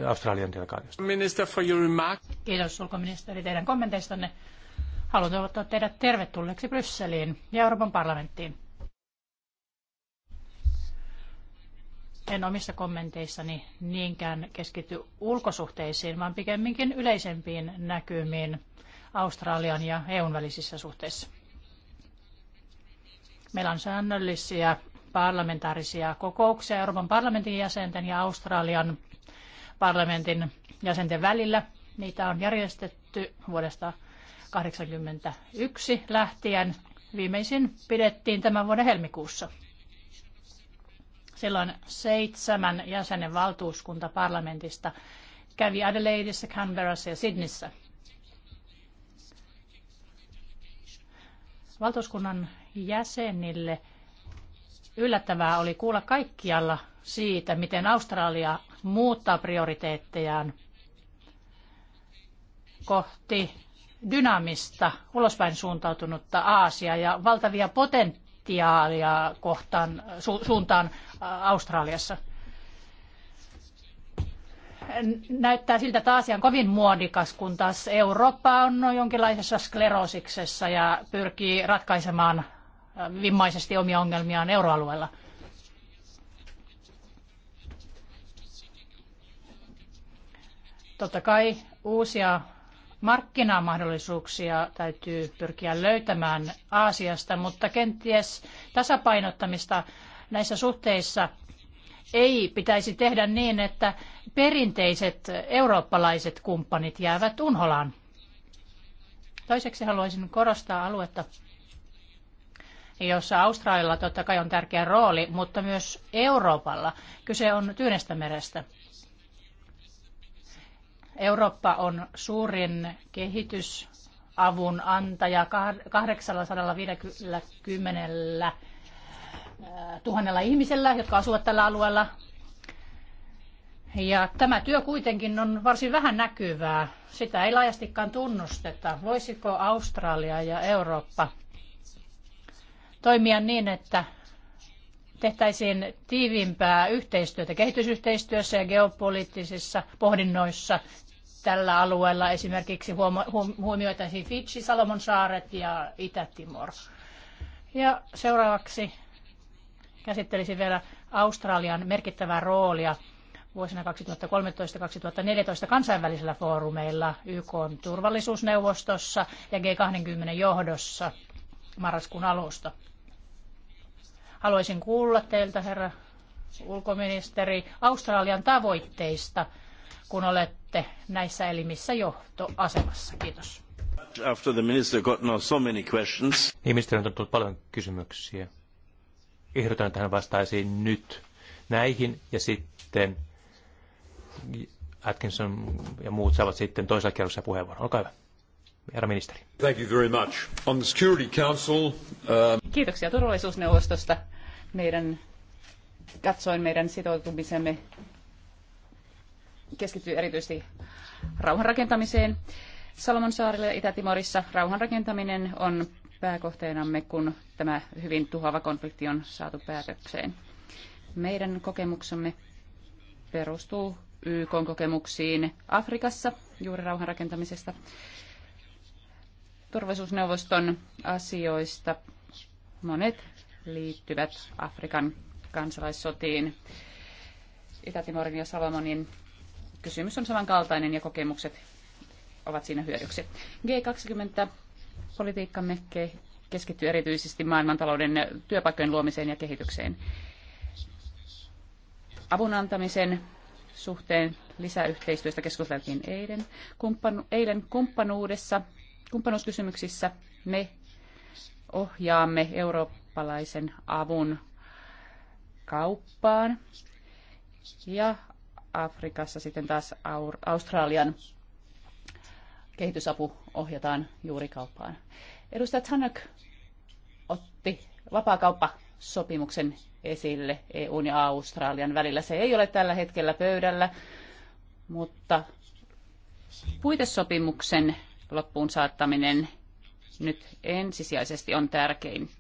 Australian delegaatiosta. Minister for your remark. Kiitos ulkoministeri teidän kommenteistanne. Haluan toivottaa teidät tervetulleeksi Brysseliin ja Euroopan parlamenttiin. en omissa kommenteissani niinkään keskity ulkosuhteisiin, vaan pikemminkin yleisempiin näkymiin Australian ja EUn välisissä suhteissa. Meillä on säännöllisiä parlamentaarisia kokouksia Euroopan parlamentin jäsenten ja Australian parlamentin jäsenten välillä. Niitä on järjestetty vuodesta 1981 lähtien. Viimeisin pidettiin tämän vuoden helmikuussa. Silloin seitsemän jäsenen valtuuskunta parlamentista kävi Adelaideissa, Canberrassa ja Sydneyssä. Valtuuskunnan jäsenille yllättävää oli kuulla kaikkialla siitä, miten Australia muuttaa prioriteettejaan kohti dynaamista, ulospäin suuntautunutta Aasiaa ja valtavia poten, potentiaalia kohtaan, su, suuntaan Australiassa. Näyttää siltä, että Aasia on kovin muodikas, kun taas Eurooppa on jonkinlaisessa sklerosiksessa ja pyrkii ratkaisemaan vimmaisesti omia ongelmiaan euroalueella. Totta kai uusia markkinamahdollisuuksia täytyy pyrkiä löytämään Aasiasta, mutta kenties tasapainottamista näissä suhteissa ei pitäisi tehdä niin, että perinteiset eurooppalaiset kumppanit jäävät unholaan. Toiseksi haluaisin korostaa aluetta, jossa Australialla totta kai on tärkeä rooli, mutta myös Euroopalla. Kyse on Tyynestä merestä. Eurooppa on suurin kehitysavun antaja 850 äh, tuhannella ihmisellä, jotka asuvat tällä alueella. Ja tämä työ kuitenkin on varsin vähän näkyvää. Sitä ei laajastikaan tunnusteta. Voisiko Australia ja Eurooppa toimia niin, että tehtäisiin tiiviimpää yhteistyötä kehitysyhteistyössä ja geopoliittisissa pohdinnoissa tällä alueella. Esimerkiksi huomioitaisiin Fiji, Salomon saaret ja Itä-Timor. Ja seuraavaksi käsittelisin vielä Australian merkittävää roolia vuosina 2013-2014 kansainvälisillä foorumeilla YK turvallisuusneuvostossa ja G20 johdossa marraskuun alusta. Haluaisin kuulla teiltä, herra ulkoministeri, Australian tavoitteista, kun olette näissä elimissä johtoasemassa. Kiitos. After the minister got no so many questions. Niin, ministeri on tullut paljon kysymyksiä. Ehdotan, että hän vastaisi nyt näihin ja sitten Atkinson ja muut saavat sitten toisella kierroksella puheenvuoron. Olkaa hyvä herra ministeri. Thank you very much. On the Security Council, uh... Kiitoksia turvallisuusneuvostosta. Meidän, katsoin meidän sitoutumisemme keskittyy erityisesti rauhanrakentamiseen. Salomon saarilla ja Itä-Timorissa rauhanrakentaminen on pääkohteenamme, kun tämä hyvin tuhava konflikti on saatu päätökseen. Meidän kokemuksemme perustuu YK kokemuksiin Afrikassa juuri rauhanrakentamisesta. rakentamisesta turvallisuusneuvoston asioista. Monet liittyvät Afrikan kansalaissotiin. Itä-Timorin ja Salomonin kysymys on samankaltainen ja kokemukset ovat siinä hyödyksi. G20-politiikkamme keskittyy erityisesti maailmantalouden työpaikkojen luomiseen ja kehitykseen. Avun antamisen suhteen lisäyhteistyöstä keskusteltiin eilen, kumppanu- eilen kumppanuudessa kumppanuuskysymyksissä me ohjaamme eurooppalaisen avun kauppaan ja Afrikassa sitten taas Australian kehitysapu ohjataan juuri kauppaan. Edustaja Tanak otti vapaakauppasopimuksen esille EUn ja Australian välillä. Se ei ole tällä hetkellä pöydällä, mutta puitesopimuksen loppuun saattaminen nyt ensisijaisesti on tärkein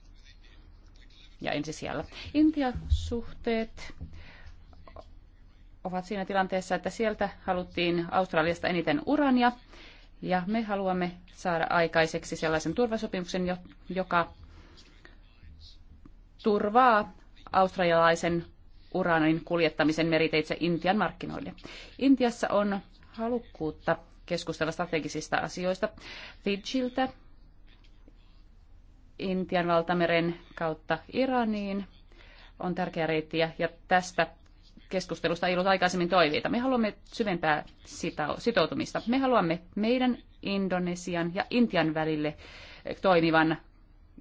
ja ensisijalla. Intia-suhteet ovat siinä tilanteessa, että sieltä haluttiin Australiasta eniten urania, ja me haluamme saada aikaiseksi sellaisen turvasopimuksen, joka turvaa australialaisen uranin kuljettamisen meriteitse Intian markkinoille. Intiassa on halukkuutta keskustella strategisista asioista Fidjiltä, Intian valtameren kautta Iraniin on tärkeä reitti ja tästä keskustelusta ei ollut aikaisemmin toiveita. Me haluamme syvempää sitoutumista. Me haluamme meidän Indonesian ja Intian välille toimivan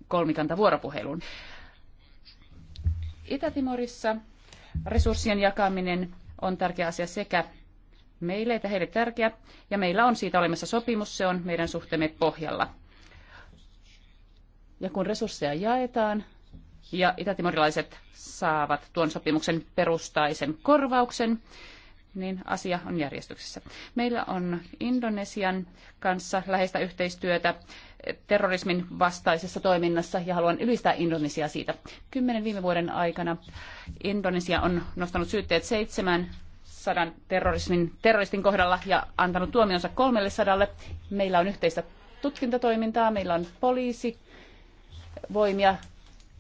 kolmikantavuoropuhelun. Itä-Timorissa resurssien jakaminen on tärkeä asia sekä meille että heille tärkeä. Ja meillä on siitä olemassa sopimus, se on meidän suhteemme pohjalla. Ja kun resursseja jaetaan, ja itätimorilaiset saavat tuon sopimuksen perustaisen korvauksen, niin asia on järjestyksessä. Meillä on Indonesian kanssa läheistä yhteistyötä terrorismin vastaisessa toiminnassa ja haluan ylistää Indonesiaa siitä. Kymmenen viime vuoden aikana Indonesia on nostanut syytteet seitsemän sadan terrorismin, terroristin kohdalla ja antanut tuomionsa 300. Meillä on yhteistä tutkintatoimintaa, meillä on poliisi, voimia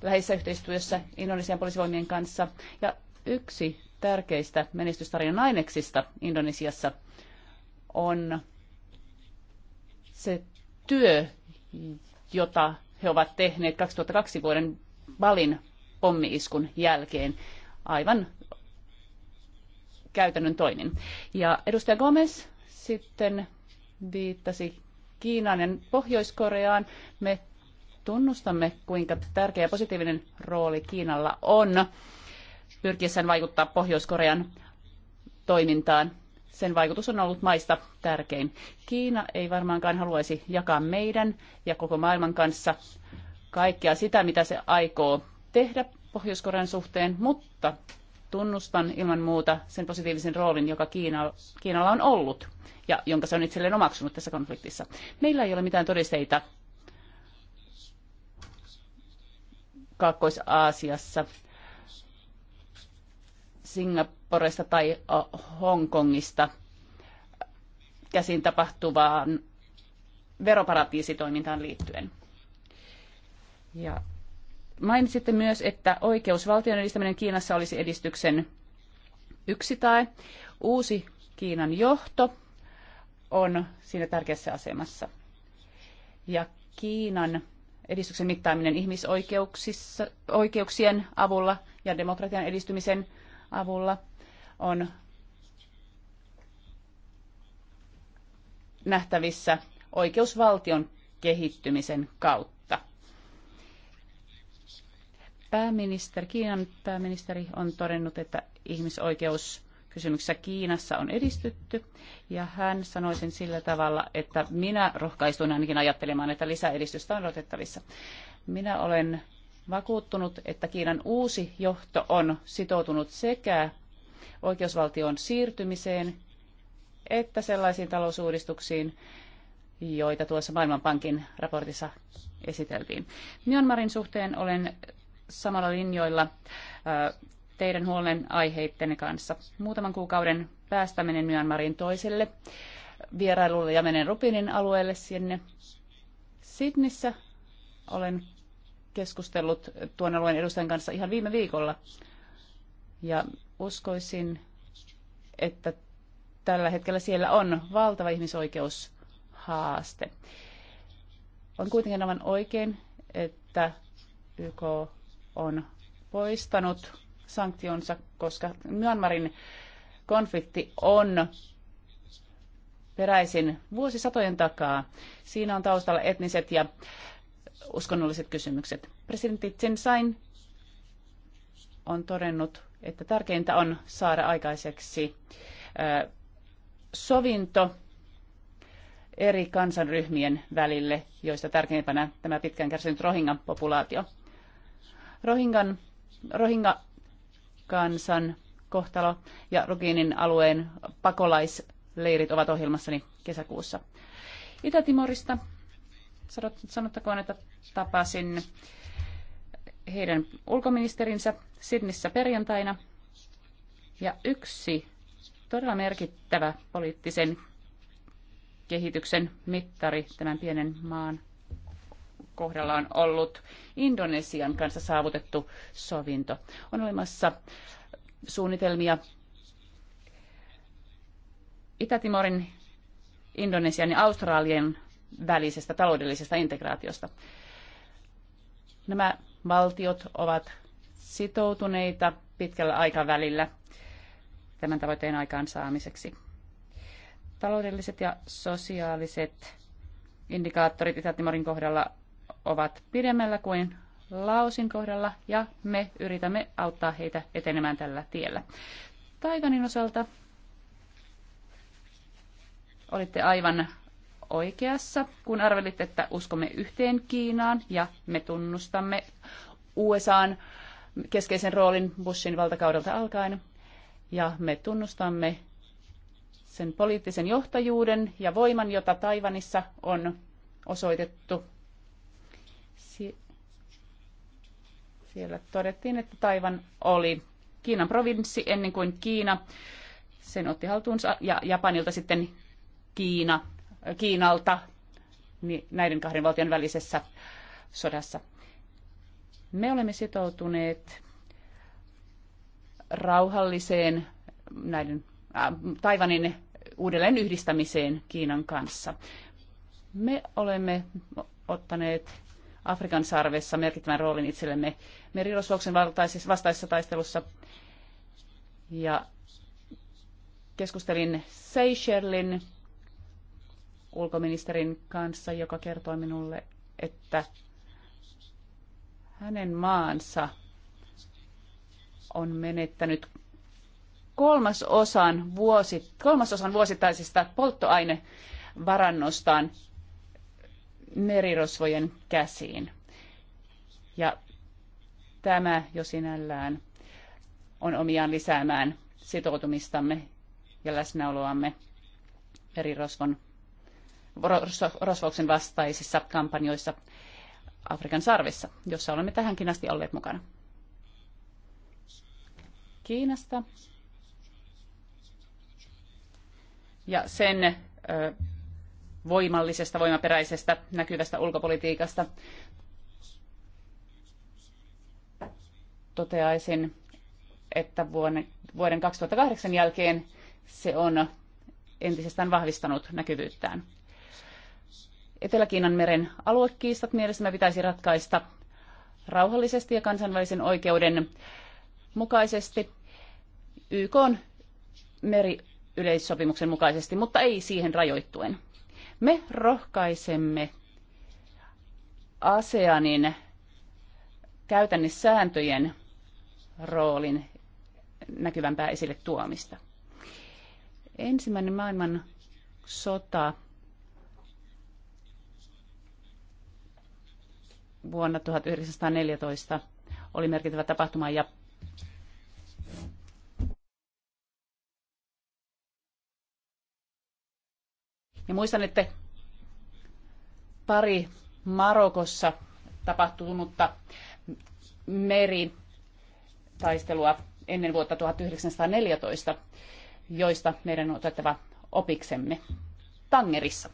läheisessä yhteistyössä Indonesian poliisivoimien kanssa. Ja yksi tärkeistä menestystarinan aineksista Indonesiassa on se työ, jota he ovat tehneet 2002 vuoden Balin pommiiskun jälkeen aivan käytännön toimin. Ja edustaja Gomez sitten viittasi Kiinanen ja Pohjois-Koreaan. Me tunnustamme, kuinka tärkeä ja positiivinen rooli Kiinalla on pyrkiessään vaikuttaa Pohjois-Korean toimintaan. Sen vaikutus on ollut maista tärkein. Kiina ei varmaankaan haluaisi jakaa meidän ja koko maailman kanssa kaikkea sitä, mitä se aikoo tehdä Pohjois-Korean suhteen, mutta Tunnustan ilman muuta sen positiivisen roolin, joka Kiina, Kiinalla on ollut ja jonka se on itselleen omaksunut tässä konfliktissa. Meillä ei ole mitään todisteita Kaakkois-Aasiassa, Singaporesta tai Hongkongista käsin tapahtuvaan veroparatiisitoimintaan liittyen. Ja Mainitsitte myös, että oikeusvaltion edistäminen Kiinassa olisi edistyksen yksi tai uusi Kiinan johto on siinä tärkeässä asemassa. Ja Kiinan edistyksen mittaaminen ihmisoikeuksissa, oikeuksien avulla ja demokratian edistymisen avulla on nähtävissä oikeusvaltion kehittymisen kautta Pääministeri, Kiinan pääministeri on todennut, että ihmisoikeus kysymyksessä Kiinassa on edistytty. Ja hän sanoi sen sillä tavalla, että minä rohkaistuin ainakin ajattelemaan, että lisäedistystä on odotettavissa. Minä olen vakuuttunut, että Kiinan uusi johto on sitoutunut sekä oikeusvaltion siirtymiseen että sellaisiin talousuudistuksiin, joita tuossa Maailmanpankin raportissa esiteltiin. Myanmarin suhteen olen samalla linjoilla teidän huolen aiheittenne kanssa. Muutaman kuukauden päästä menen Myanmarin toiselle vierailulle ja menen Rupinin alueelle sinne. Sydnissä olen keskustellut tuon alueen edustajan kanssa ihan viime viikolla. Ja uskoisin, että tällä hetkellä siellä on valtava ihmisoikeushaaste. On kuitenkin aivan oikein, että YK on poistanut sanktionsa, koska Myanmarin konflikti on peräisin vuosisatojen takaa. Siinä on taustalla etniset ja uskonnolliset kysymykset. Presidentti Sain on todennut, että tärkeintä on saada aikaiseksi sovinto eri kansanryhmien välille, joista tärkeimpänä tämä pitkään kärsinyt rohingan populaatio. Rohingan, Rohinga kansan kohtalo ja Roginin alueen pakolaisleirit ovat ohjelmassani kesäkuussa. Itä-Timorista sanottakoon, että tapasin heidän ulkoministerinsä Sidnissä perjantaina. Ja yksi todella merkittävä poliittisen kehityksen mittari tämän pienen maan kohdalla on ollut Indonesian kanssa saavutettu sovinto. On olemassa suunnitelmia Itä-Timorin, Indonesian ja Australian välisestä taloudellisesta integraatiosta. Nämä valtiot ovat sitoutuneita pitkällä aikavälillä tämän tavoitteen aikaansaamiseksi. Taloudelliset ja sosiaaliset indikaattorit Itä-Timorin kohdalla ovat pidemmällä kuin Laosin kohdalla ja me yritämme auttaa heitä etenemään tällä tiellä. Taikanin osalta olitte aivan oikeassa, kun arvelitte, että uskomme yhteen Kiinaan ja me tunnustamme USAn keskeisen roolin Bushin valtakaudelta alkaen. Ja me tunnustamme sen poliittisen johtajuuden ja voiman, jota Taivanissa on osoitettu Sie- siellä todettiin, että Taivan oli Kiinan provinssi ennen kuin Kiina sen otti haltuunsa ja Japanilta sitten Kiina, Kiinalta niin näiden kahden valtion välisessä sodassa. Me olemme sitoutuneet rauhalliseen näiden äh, Taivanin uudelleen yhdistämiseen Kiinan kanssa. Me olemme ottaneet Afrikan sarvessa merkittävän roolin itsellemme merirosvouksen vastaisessa taistelussa. Ja keskustelin Seychellin ulkoministerin kanssa, joka kertoi minulle, että hänen maansa on menettänyt kolmasosan, vuosi, kolmasosan vuosittaisesta polttoainevarannostaan merirosvojen käsiin. Ja tämä jo sinällään on omiaan lisäämään sitoutumistamme ja läsnäoloamme merirosvon rosvauksen vastaisissa kampanjoissa Afrikan sarvissa, jossa olemme tähänkin asti olleet mukana. Kiinasta ja sen voimallisesta, voimaperäisestä, näkyvästä ulkopolitiikasta. Toteaisin, että vuoden, vuoden 2008 jälkeen se on entisestään vahvistanut näkyvyyttään. Etelä-Kiinan meren aluekiistat mielestämme pitäisi ratkaista rauhallisesti ja kansainvälisen oikeuden mukaisesti YK meriyleissopimuksen mukaisesti, mutta ei siihen rajoittuen. Me rohkaisemme ASEANin käytännissääntöjen roolin näkyvämpää esille tuomista. Ensimmäinen maailman sota vuonna 1914 oli merkittävä tapahtuma ja Ja muistan, että pari Marokossa tapahtunutta meritaistelua ennen vuotta 1914, joista meidän on otettava opiksemme Tangerissa.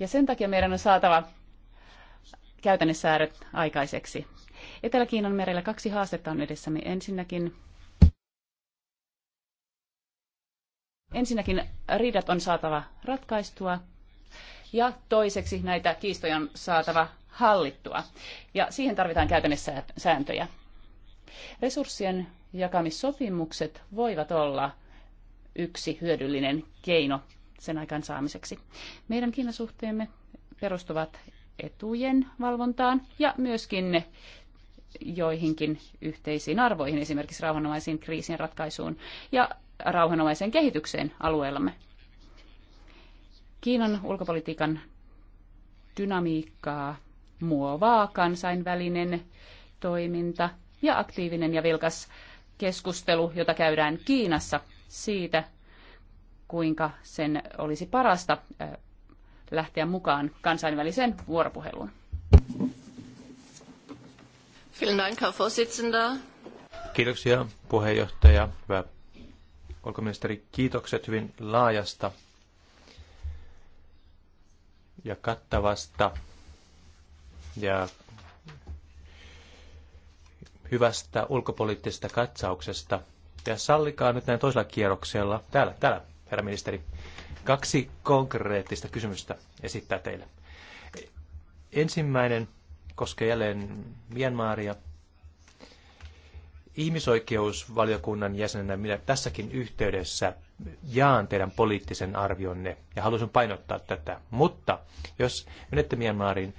Ja sen takia meidän on saatava käytännössäädöt aikaiseksi. Etelä-Kiinan merellä kaksi haastetta on edessämme. Ensinnäkin Ensinnäkin riidat on saatava ratkaistua ja toiseksi näitä kiistoja on saatava hallittua. Ja siihen tarvitaan käytännössä sääntöjä. Resurssien jakamissopimukset voivat olla yksi hyödyllinen keino sen saamiseksi. Meidän Kiinasuhteemme perustuvat etujen valvontaan ja myöskin joihinkin yhteisiin arvoihin, esimerkiksi rauhanomaisiin kriisin ratkaisuun ja rauhanomaiseen kehitykseen alueellamme. Kiinan ulkopolitiikan dynamiikkaa muovaa kansainvälinen toiminta ja aktiivinen ja vilkas keskustelu, jota käydään Kiinassa siitä, kuinka sen olisi parasta lähteä mukaan kansainväliseen vuoropuheluun. Kiitoksia puheenjohtaja, hyvä ulkoministeri, kiitokset hyvin laajasta ja kattavasta ja hyvästä ulkopoliittisesta katsauksesta. Ja sallikaa nyt näin toisella kierroksella, täällä, täällä, herra ministeri, kaksi konkreettista kysymystä esittää teille. Ensimmäinen koskee jälleen Myanmaria ihmisoikeusvaliokunnan jäsenenä minä tässäkin yhteydessä jaan teidän poliittisen arvionne ja haluaisin painottaa tätä. Mutta jos menette Myanmariin,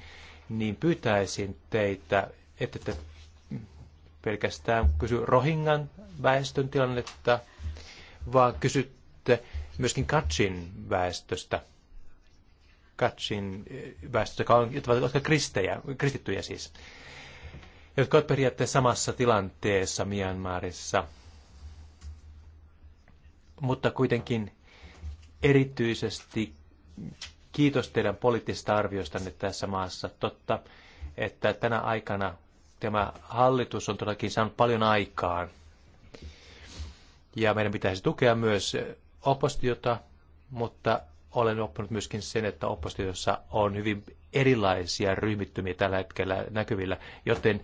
niin pyytäisin teitä, että te pelkästään kysy Rohingan väestön tilannetta, vaan kysytte myöskin Katsin väestöstä. Katsin eh, väestöstä, jotka ovat kristittyjä siis jotka ovat periaatteessa samassa tilanteessa Myanmarissa, mutta kuitenkin erityisesti kiitos teidän poliittisesta arviostanne tässä maassa. Totta, että tänä aikana tämä hallitus on todellakin saanut paljon aikaan. Ja meidän pitäisi tukea myös oppostiota, mutta olen oppinut myöskin sen, että oppositiossa on hyvin erilaisia ryhmittymiä tällä hetkellä näkyvillä, joten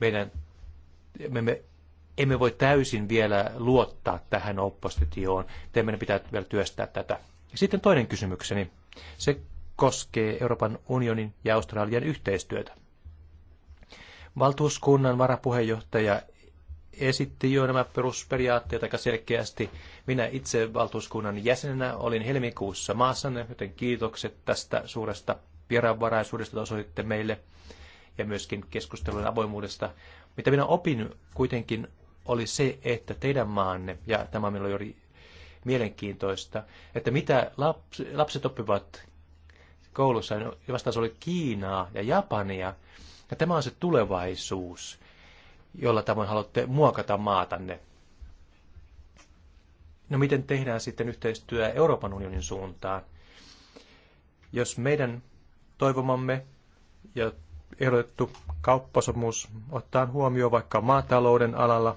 meidän, me, me emme voi täysin vielä luottaa tähän oppositioon. Meidän pitää vielä työstää tätä. Ja sitten toinen kysymykseni. Se koskee Euroopan unionin ja Australian yhteistyötä. Valtuuskunnan varapuheenjohtaja esitti jo nämä perusperiaatteet aika selkeästi. Minä itse valtuuskunnan jäsenenä olin helmikuussa maassanne, joten kiitokset tästä suuresta vieraanvaraisuudesta, jota osoititte meille ja myöskin keskustelun avoimuudesta. Mitä minä opin kuitenkin oli se, että teidän maanne, ja tämä minulla oli mielenkiintoista, että mitä lapset oppivat koulussa, niin vastaus oli Kiinaa ja Japania, ja tämä on se tulevaisuus jolla tavoin haluatte muokata maatanne. No miten tehdään sitten yhteistyö Euroopan unionin suuntaan? Jos meidän toivomamme ja ehdotettu kauppasopimus ottaa huomioon vaikka maatalouden alalla,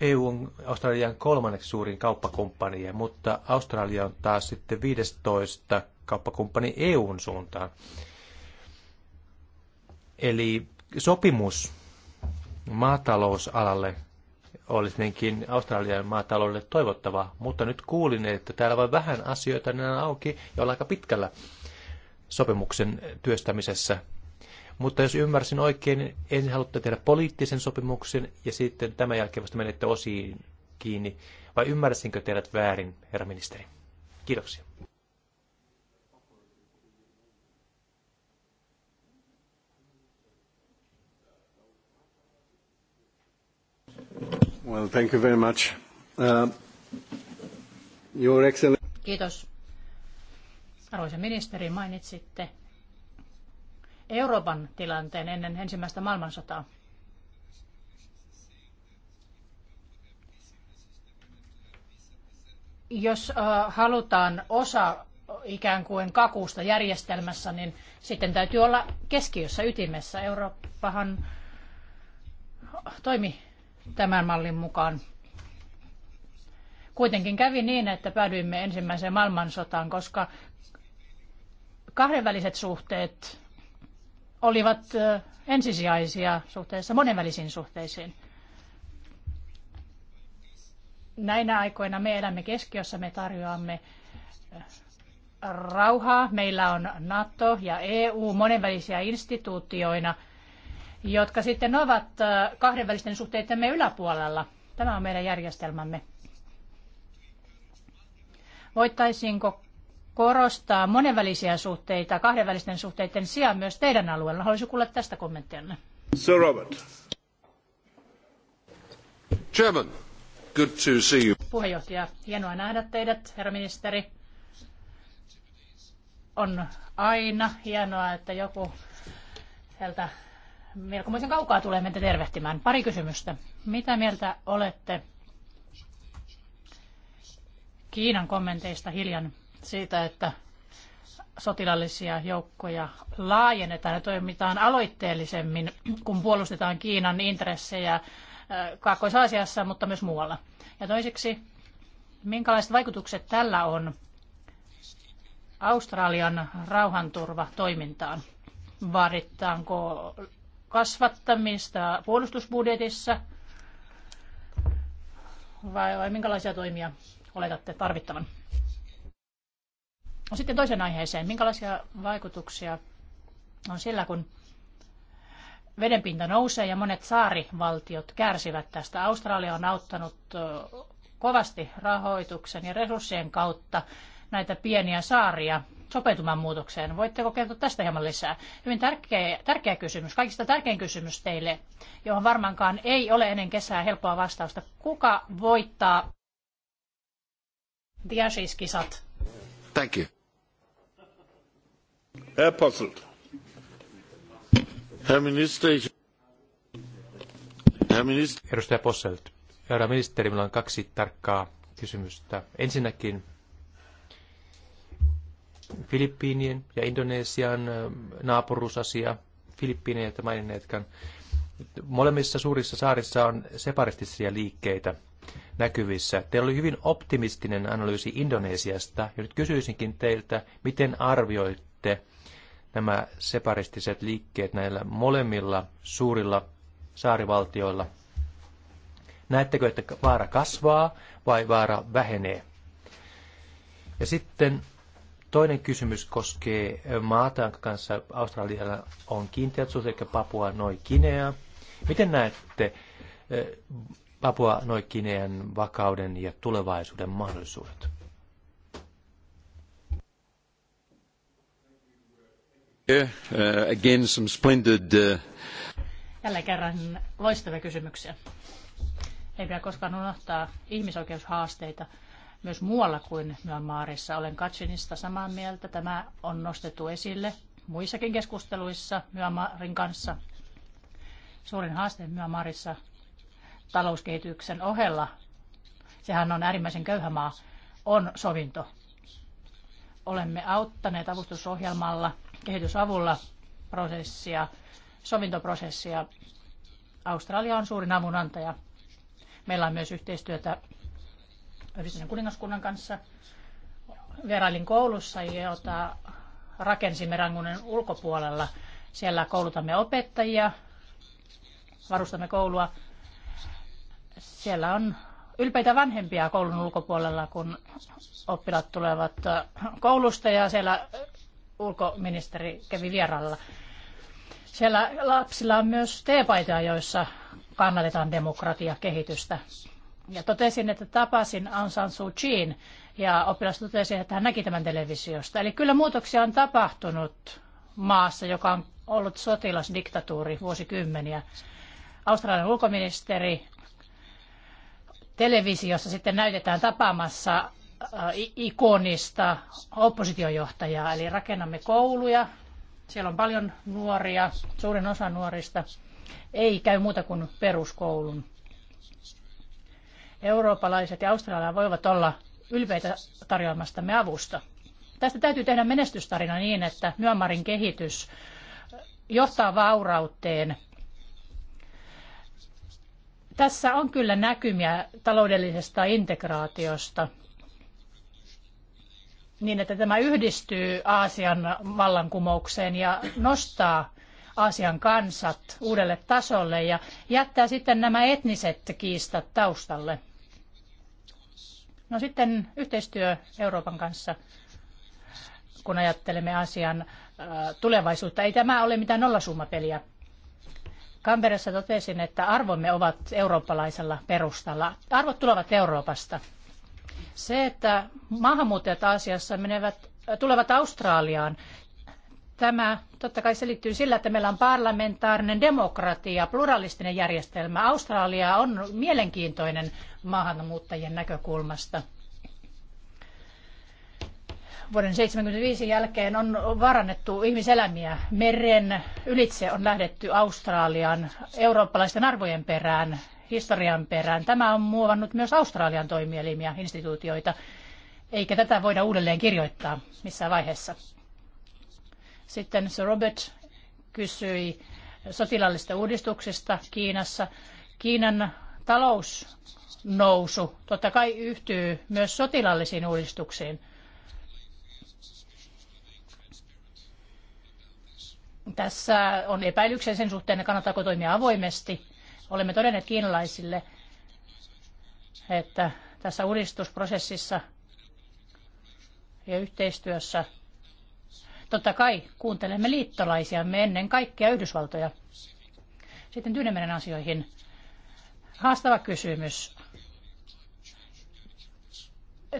EU on Australian kolmanneksi suurin kauppakumppani, mutta Australia on taas sitten 15 kauppakumppani EUn suuntaan. Eli sopimus maatalousalalle olisi niinkin Australian maataloudelle toivottava, mutta nyt kuulin, että täällä voi vähän asioita ne auki ja olla aika pitkällä sopimuksen työstämisessä. Mutta jos ymmärsin oikein, niin ensin haluatte tehdä poliittisen sopimuksen ja sitten tämän jälkeen vasta menette osiin kiinni. Vai ymmärsinkö teidät väärin, herra ministeri? Kiitoksia. Well, thank you very much. Uh, your Kiitos. Arvoisa ministeri, mainitsitte Euroopan tilanteen ennen ensimmäistä maailmansotaa. Jos äh, halutaan osa ikään kuin kakusta järjestelmässä, niin sitten täytyy olla keskiössä ytimessä. Eurooppahan toimi tämän mallin mukaan. Kuitenkin kävi niin, että päädyimme ensimmäiseen maailmansotaan, koska kahdenväliset suhteet olivat ensisijaisia suhteessa monenvälisiin suhteisiin. Näinä aikoina me elämme keskiössä, me tarjoamme rauhaa. Meillä on NATO ja EU monenvälisiä instituutioina – jotka sitten ovat äh, kahdenvälisten suhteidemme yläpuolella. Tämä on meidän järjestelmämme. Voittaisinko korostaa monenvälisiä suhteita kahdenvälisten suhteiden sijaan myös teidän alueella? Haluaisin kuulla tästä kommenttianne. Sir Robert. Chairman, good to see you. Puheenjohtaja, hienoa nähdä teidät, herra ministeri. On aina hienoa, että joku sieltä melkomoisen kaukaa tulee meitä tervehtimään. Pari kysymystä. Mitä mieltä olette Kiinan kommenteista hiljan siitä, että sotilallisia joukkoja laajennetaan ja toimitaan aloitteellisemmin, kun puolustetaan Kiinan intressejä äh, Kaakkois-Aasiassa, mutta myös muualla. Ja toiseksi, minkälaiset vaikutukset tällä on Australian rauhanturvatoimintaan? Vaaditaanko kasvattamista puolustusbudjetissa? Vai, vai minkälaisia toimia oletatte tarvittavan? No sitten toisen aiheeseen. Minkälaisia vaikutuksia on sillä, kun vedenpinta nousee ja monet saarivaltiot kärsivät tästä. Australia on auttanut kovasti rahoituksen ja resurssien kautta näitä pieniä saaria sopeutumaan muutokseen. Voitteko kertoa tästä hieman lisää? Hyvin tärkeä, tärkeä kysymys, kaikista tärkein kysymys teille, johon varmaankaan ei ole ennen kesää helppoa vastausta. Kuka voittaa Diashis-kisat? Thank you. Herr Posselt. Herr Minister, ich... Herr Minister. Edustaja Posselt. Herra ministeri, minulla on kaksi tarkkaa kysymystä. Ensinnäkin Filippiinien ja Indonesian naapurusasia. Filippiinien ja maininneetkaan. Molemmissa suurissa saarissa on separatistisia liikkeitä näkyvissä. Teillä oli hyvin optimistinen analyysi Indonesiasta, ja nyt kysyisinkin teiltä, miten arvioitte nämä separistiset liikkeet näillä molemmilla suurilla saarivaltioilla? Näettekö, että vaara kasvaa vai vaara vähenee? Ja sitten Toinen kysymys koskee maata, jonka kanssa Australialla on kiinteät suhteet, eli Papua Noi Miten näette Papua Noi vakauden ja tulevaisuuden mahdollisuudet? Again, some splendid, uh... Jälleen kerran loistavia kysymyksiä. Ei pidä koskaan unohtaa ihmisoikeushaasteita myös muualla kuin Myanmarissa. Olen Katsinista samaa mieltä. Tämä on nostettu esille muissakin keskusteluissa Myanmarin kanssa. Suurin haaste Myanmarissa talouskehityksen ohella, sehän on äärimmäisen köyhä maa, on sovinto. Olemme auttaneet avustusohjelmalla, kehitysavulla prosessia, sovintoprosessia. Australia on suurin avunantaja. Meillä on myös yhteistyötä Yhdistyneen kuningaskunnan kanssa. Vierailin koulussa, jota rakensimme Rangunen ulkopuolella. Siellä koulutamme opettajia, varustamme koulua. Siellä on ylpeitä vanhempia koulun ulkopuolella, kun oppilaat tulevat äh, koulusta ja siellä ulkoministeri kävi vieralla. Siellä lapsilla on myös teepaitoja, joissa kannatetaan demokratiakehitystä. Ja totesin, että tapasin Aung San Suu Kyiin ja oppilas totesi, että hän näki tämän televisiosta. Eli kyllä muutoksia on tapahtunut maassa, joka on ollut sotilasdiktatuuri vuosikymmeniä. Australian ulkoministeri televisiossa sitten näytetään tapaamassa äh, ikonista oppositiojohtajaa, eli rakennamme kouluja. Siellä on paljon nuoria, suurin osa nuorista ei käy muuta kuin peruskoulun eurooppalaiset ja Australia voivat olla ylpeitä tarjoamastamme avusta. Tästä täytyy tehdä menestystarina niin, että Myanmarin kehitys johtaa vaurauteen. Tässä on kyllä näkymiä taloudellisesta integraatiosta niin, että tämä yhdistyy Aasian vallankumoukseen ja nostaa Aasian kansat uudelle tasolle ja jättää sitten nämä etniset kiistat taustalle. No sitten yhteistyö Euroopan kanssa, kun ajattelemme asian äh, tulevaisuutta. Ei tämä ole mitään nollasummapeliä. Kamperassa totesin, että arvomme ovat eurooppalaisella perustalla. Arvot tulevat Euroopasta. Se, että maahanmuuttajat Aasiassa menevät, äh, tulevat Australiaan Tämä totta kai selittyy sillä, että meillä on parlamentaarinen demokratia, pluralistinen järjestelmä. Australia on mielenkiintoinen maahanmuuttajien näkökulmasta. Vuoden 1975 jälkeen on varannettu ihmiselämiä. Meren ylitse on lähdetty Australiaan eurooppalaisten arvojen perään, historian perään. Tämä on muovannut myös Australian toimielimiä, instituutioita, eikä tätä voida uudelleen kirjoittaa missään vaiheessa. Sitten Sir Robert kysyi sotilaallisista uudistuksista Kiinassa. Kiinan talousnousu totta kai yhtyy myös sotilaallisiin uudistuksiin. Tässä on epäilyksiä sen suhteen, kannattaako toimia avoimesti. Olemme todenneet kiinalaisille, että tässä uudistusprosessissa ja yhteistyössä – Totta kai kuuntelemme liittolaisiamme ennen kaikkea Yhdysvaltoja. Sitten Tyynemeren asioihin. Haastava kysymys.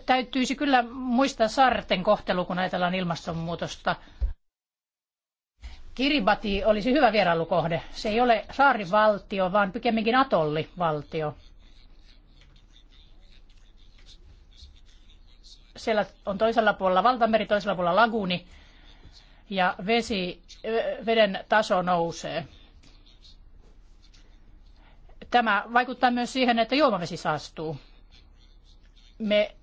Täytyisi kyllä muistaa saarten kohtelu, kun ajatellaan ilmastonmuutosta. Kiribati olisi hyvä vierailukohde. Se ei ole saarivaltio, vaan pikemminkin atollivaltio. Siellä on toisella puolella valtameri, toisella puolella laguni ja vesi, veden taso nousee. Tämä vaikuttaa myös siihen, että juomavesi saastuu. Me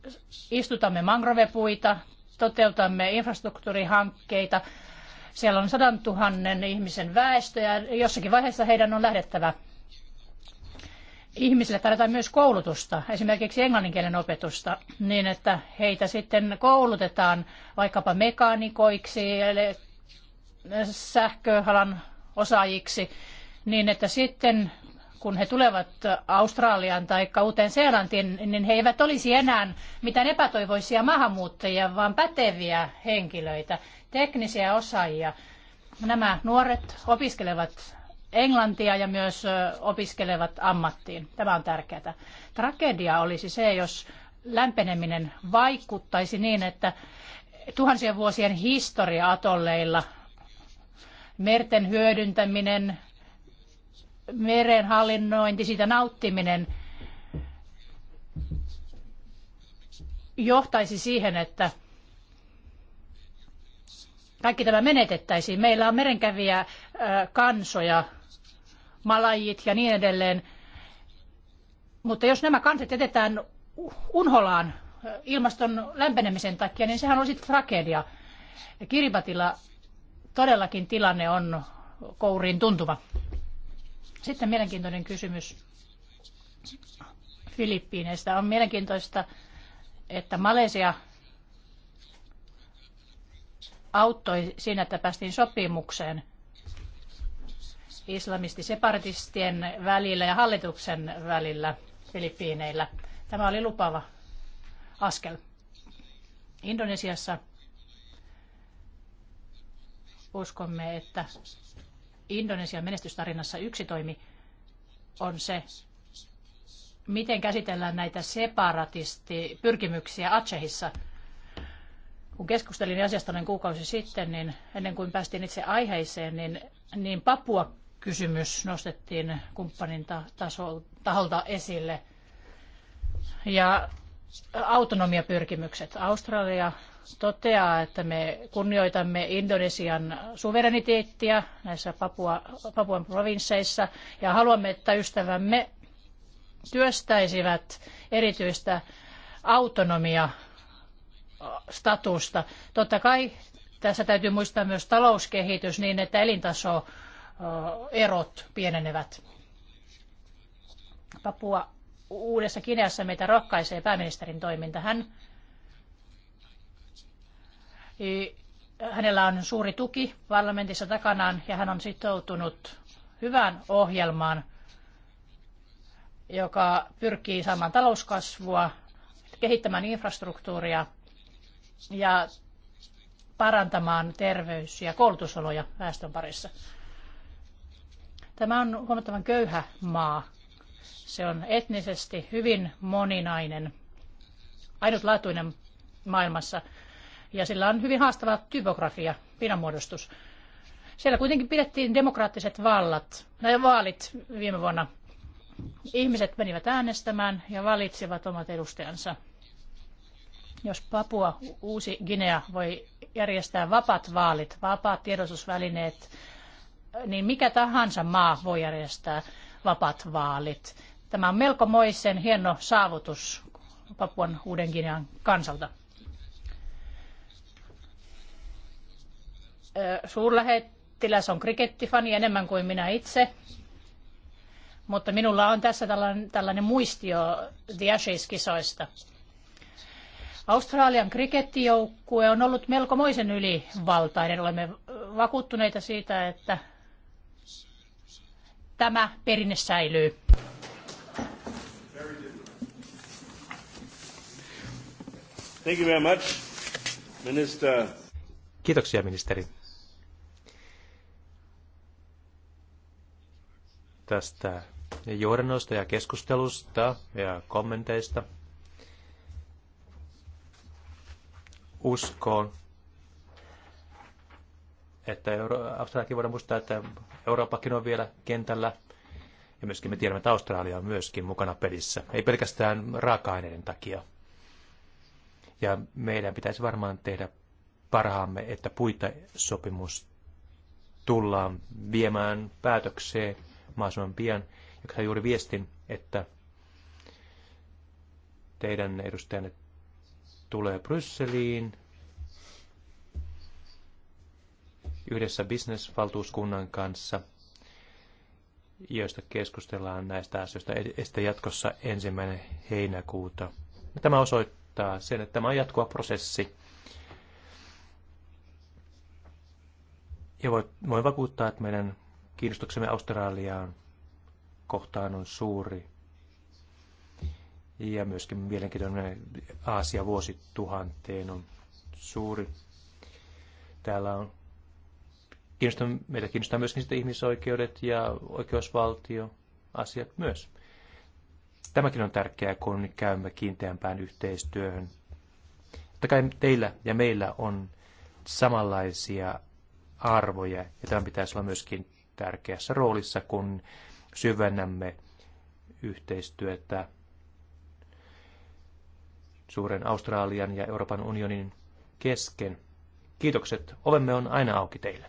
istutamme mangrovepuita, toteutamme infrastruktuurihankkeita. Siellä on sadan tuhannen ihmisen väestö ja jossakin vaiheessa heidän on lähdettävä ihmisille tarjotaan myös koulutusta, esimerkiksi englanninkielen opetusta, niin että heitä sitten koulutetaan vaikkapa mekaanikoiksi, eli sähköalan osaajiksi, niin että sitten kun he tulevat Australiaan tai Uuteen Seelantiin, niin he eivät olisi enää mitään epätoivoisia maahanmuuttajia, vaan päteviä henkilöitä, teknisiä osaajia. Nämä nuoret opiskelevat englantia ja myös opiskelevat ammattiin. Tämä on tärkeää. Tragedia olisi se, jos lämpeneminen vaikuttaisi niin, että tuhansien vuosien historia atolleilla, merten hyödyntäminen, meren hallinnointi, siitä nauttiminen johtaisi siihen, että kaikki tämä menetettäisiin. Meillä on merenkäviä kansoja, malajit ja niin edelleen. Mutta jos nämä kansat jätetään unholaan ilmaston lämpenemisen takia, niin sehän olisi tragedia. Kiribatilla todellakin tilanne on kouriin tuntuva. Sitten mielenkiintoinen kysymys Filippiineistä. On mielenkiintoista, että Malesia auttoi siinä, että päästiin sopimukseen islamistiseparatistien välillä ja hallituksen välillä Filippiineillä. Tämä oli lupava askel. Indonesiassa uskomme, että Indonesian menestystarinassa yksi toimi on se, miten käsitellään näitä separatistipyrkimyksiä pyrkimyksiä Acehissa – kun keskustelin asiasta noin kuukausi sitten, niin ennen kuin päästiin itse aiheeseen, niin, niin papua kysymys nostettiin kumppanin taso, taholta esille. Ja autonomiapyrkimykset. Australia toteaa, että me kunnioitamme Indonesian suvereniteettia näissä Papua, Papuan provinsseissa ja haluamme, että ystävämme työstäisivät erityistä autonomia statusta. Totta kai tässä täytyy muistaa myös talouskehitys niin, että elintasoerot pienenevät. Papua uudessa Kineassa meitä rohkaisee pääministerin toiminta. Hän, hänellä on suuri tuki parlamentissa takanaan ja hän on sitoutunut hyvään ohjelmaan, joka pyrkii saamaan talouskasvua, kehittämään infrastruktuuria – ja parantamaan terveys- ja koulutusoloja väestön parissa. Tämä on huomattavan köyhä maa. Se on etnisesti hyvin moninainen, ainutlaatuinen maailmassa ja sillä on hyvin haastava typografia, pinamuodostus. Siellä kuitenkin pidettiin demokraattiset vallat, nämä vaalit viime vuonna. Ihmiset menivät äänestämään ja valitsivat omat edustajansa. Jos Papua Uusi Guinea voi järjestää vapaat vaalit, vapaat tiedotusvälineet, niin mikä tahansa maa voi järjestää vapaat vaalit. Tämä on melko moisen hieno saavutus Papuan Uuden Guinean kansalta. Suurlähettiläs on krikettifani enemmän kuin minä itse, mutta minulla on tässä tällainen, tällainen muistio The Ashes-kisoista. Australian krikettijoukkue on ollut melkomoisen ylivaltainen. Olemme vakuuttuneita siitä, että tämä perinne säilyy. Thank you very much, minister. Kiitoksia, ministeri. Tästä johdannosta ja keskustelusta ja kommenteista. uskoon, että Euro- Australiakin voidaan muistaa, että Eurooppakin on vielä kentällä. Ja myöskin me tiedämme, että Australia on myöskin mukana pelissä. Ei pelkästään raaka-aineiden takia. Ja meidän pitäisi varmaan tehdä parhaamme, että puitasopimus tullaan viemään päätökseen mahdollisimman pian. Ja juuri viestin, että teidän edustajanne tulee Brysseliin yhdessä bisnesvaltuuskunnan kanssa, joista keskustellaan näistä asioista e- sitten jatkossa ensimmäinen heinäkuuta. Tämä osoittaa sen, että tämä on jatkuva prosessi. Ja voin vakuuttaa, että meidän kiinnostuksemme Australiaan kohtaan on suuri ja myöskin mielenkiintoinen Aasia vuosituhanteen on suuri. Täällä on kiinnostaa, meitä kiinnostaa myöskin sitten ihmisoikeudet ja oikeusvaltio asiat myös. Tämäkin on tärkeää, kun käymme kiinteämpään yhteistyöhön. Totta kai teillä ja meillä on samanlaisia arvoja, ja tämä pitäisi olla myöskin tärkeässä roolissa, kun syvennämme yhteistyötä suuren Australian ja Euroopan unionin kesken. Kiitokset, ovemme on aina auki teille.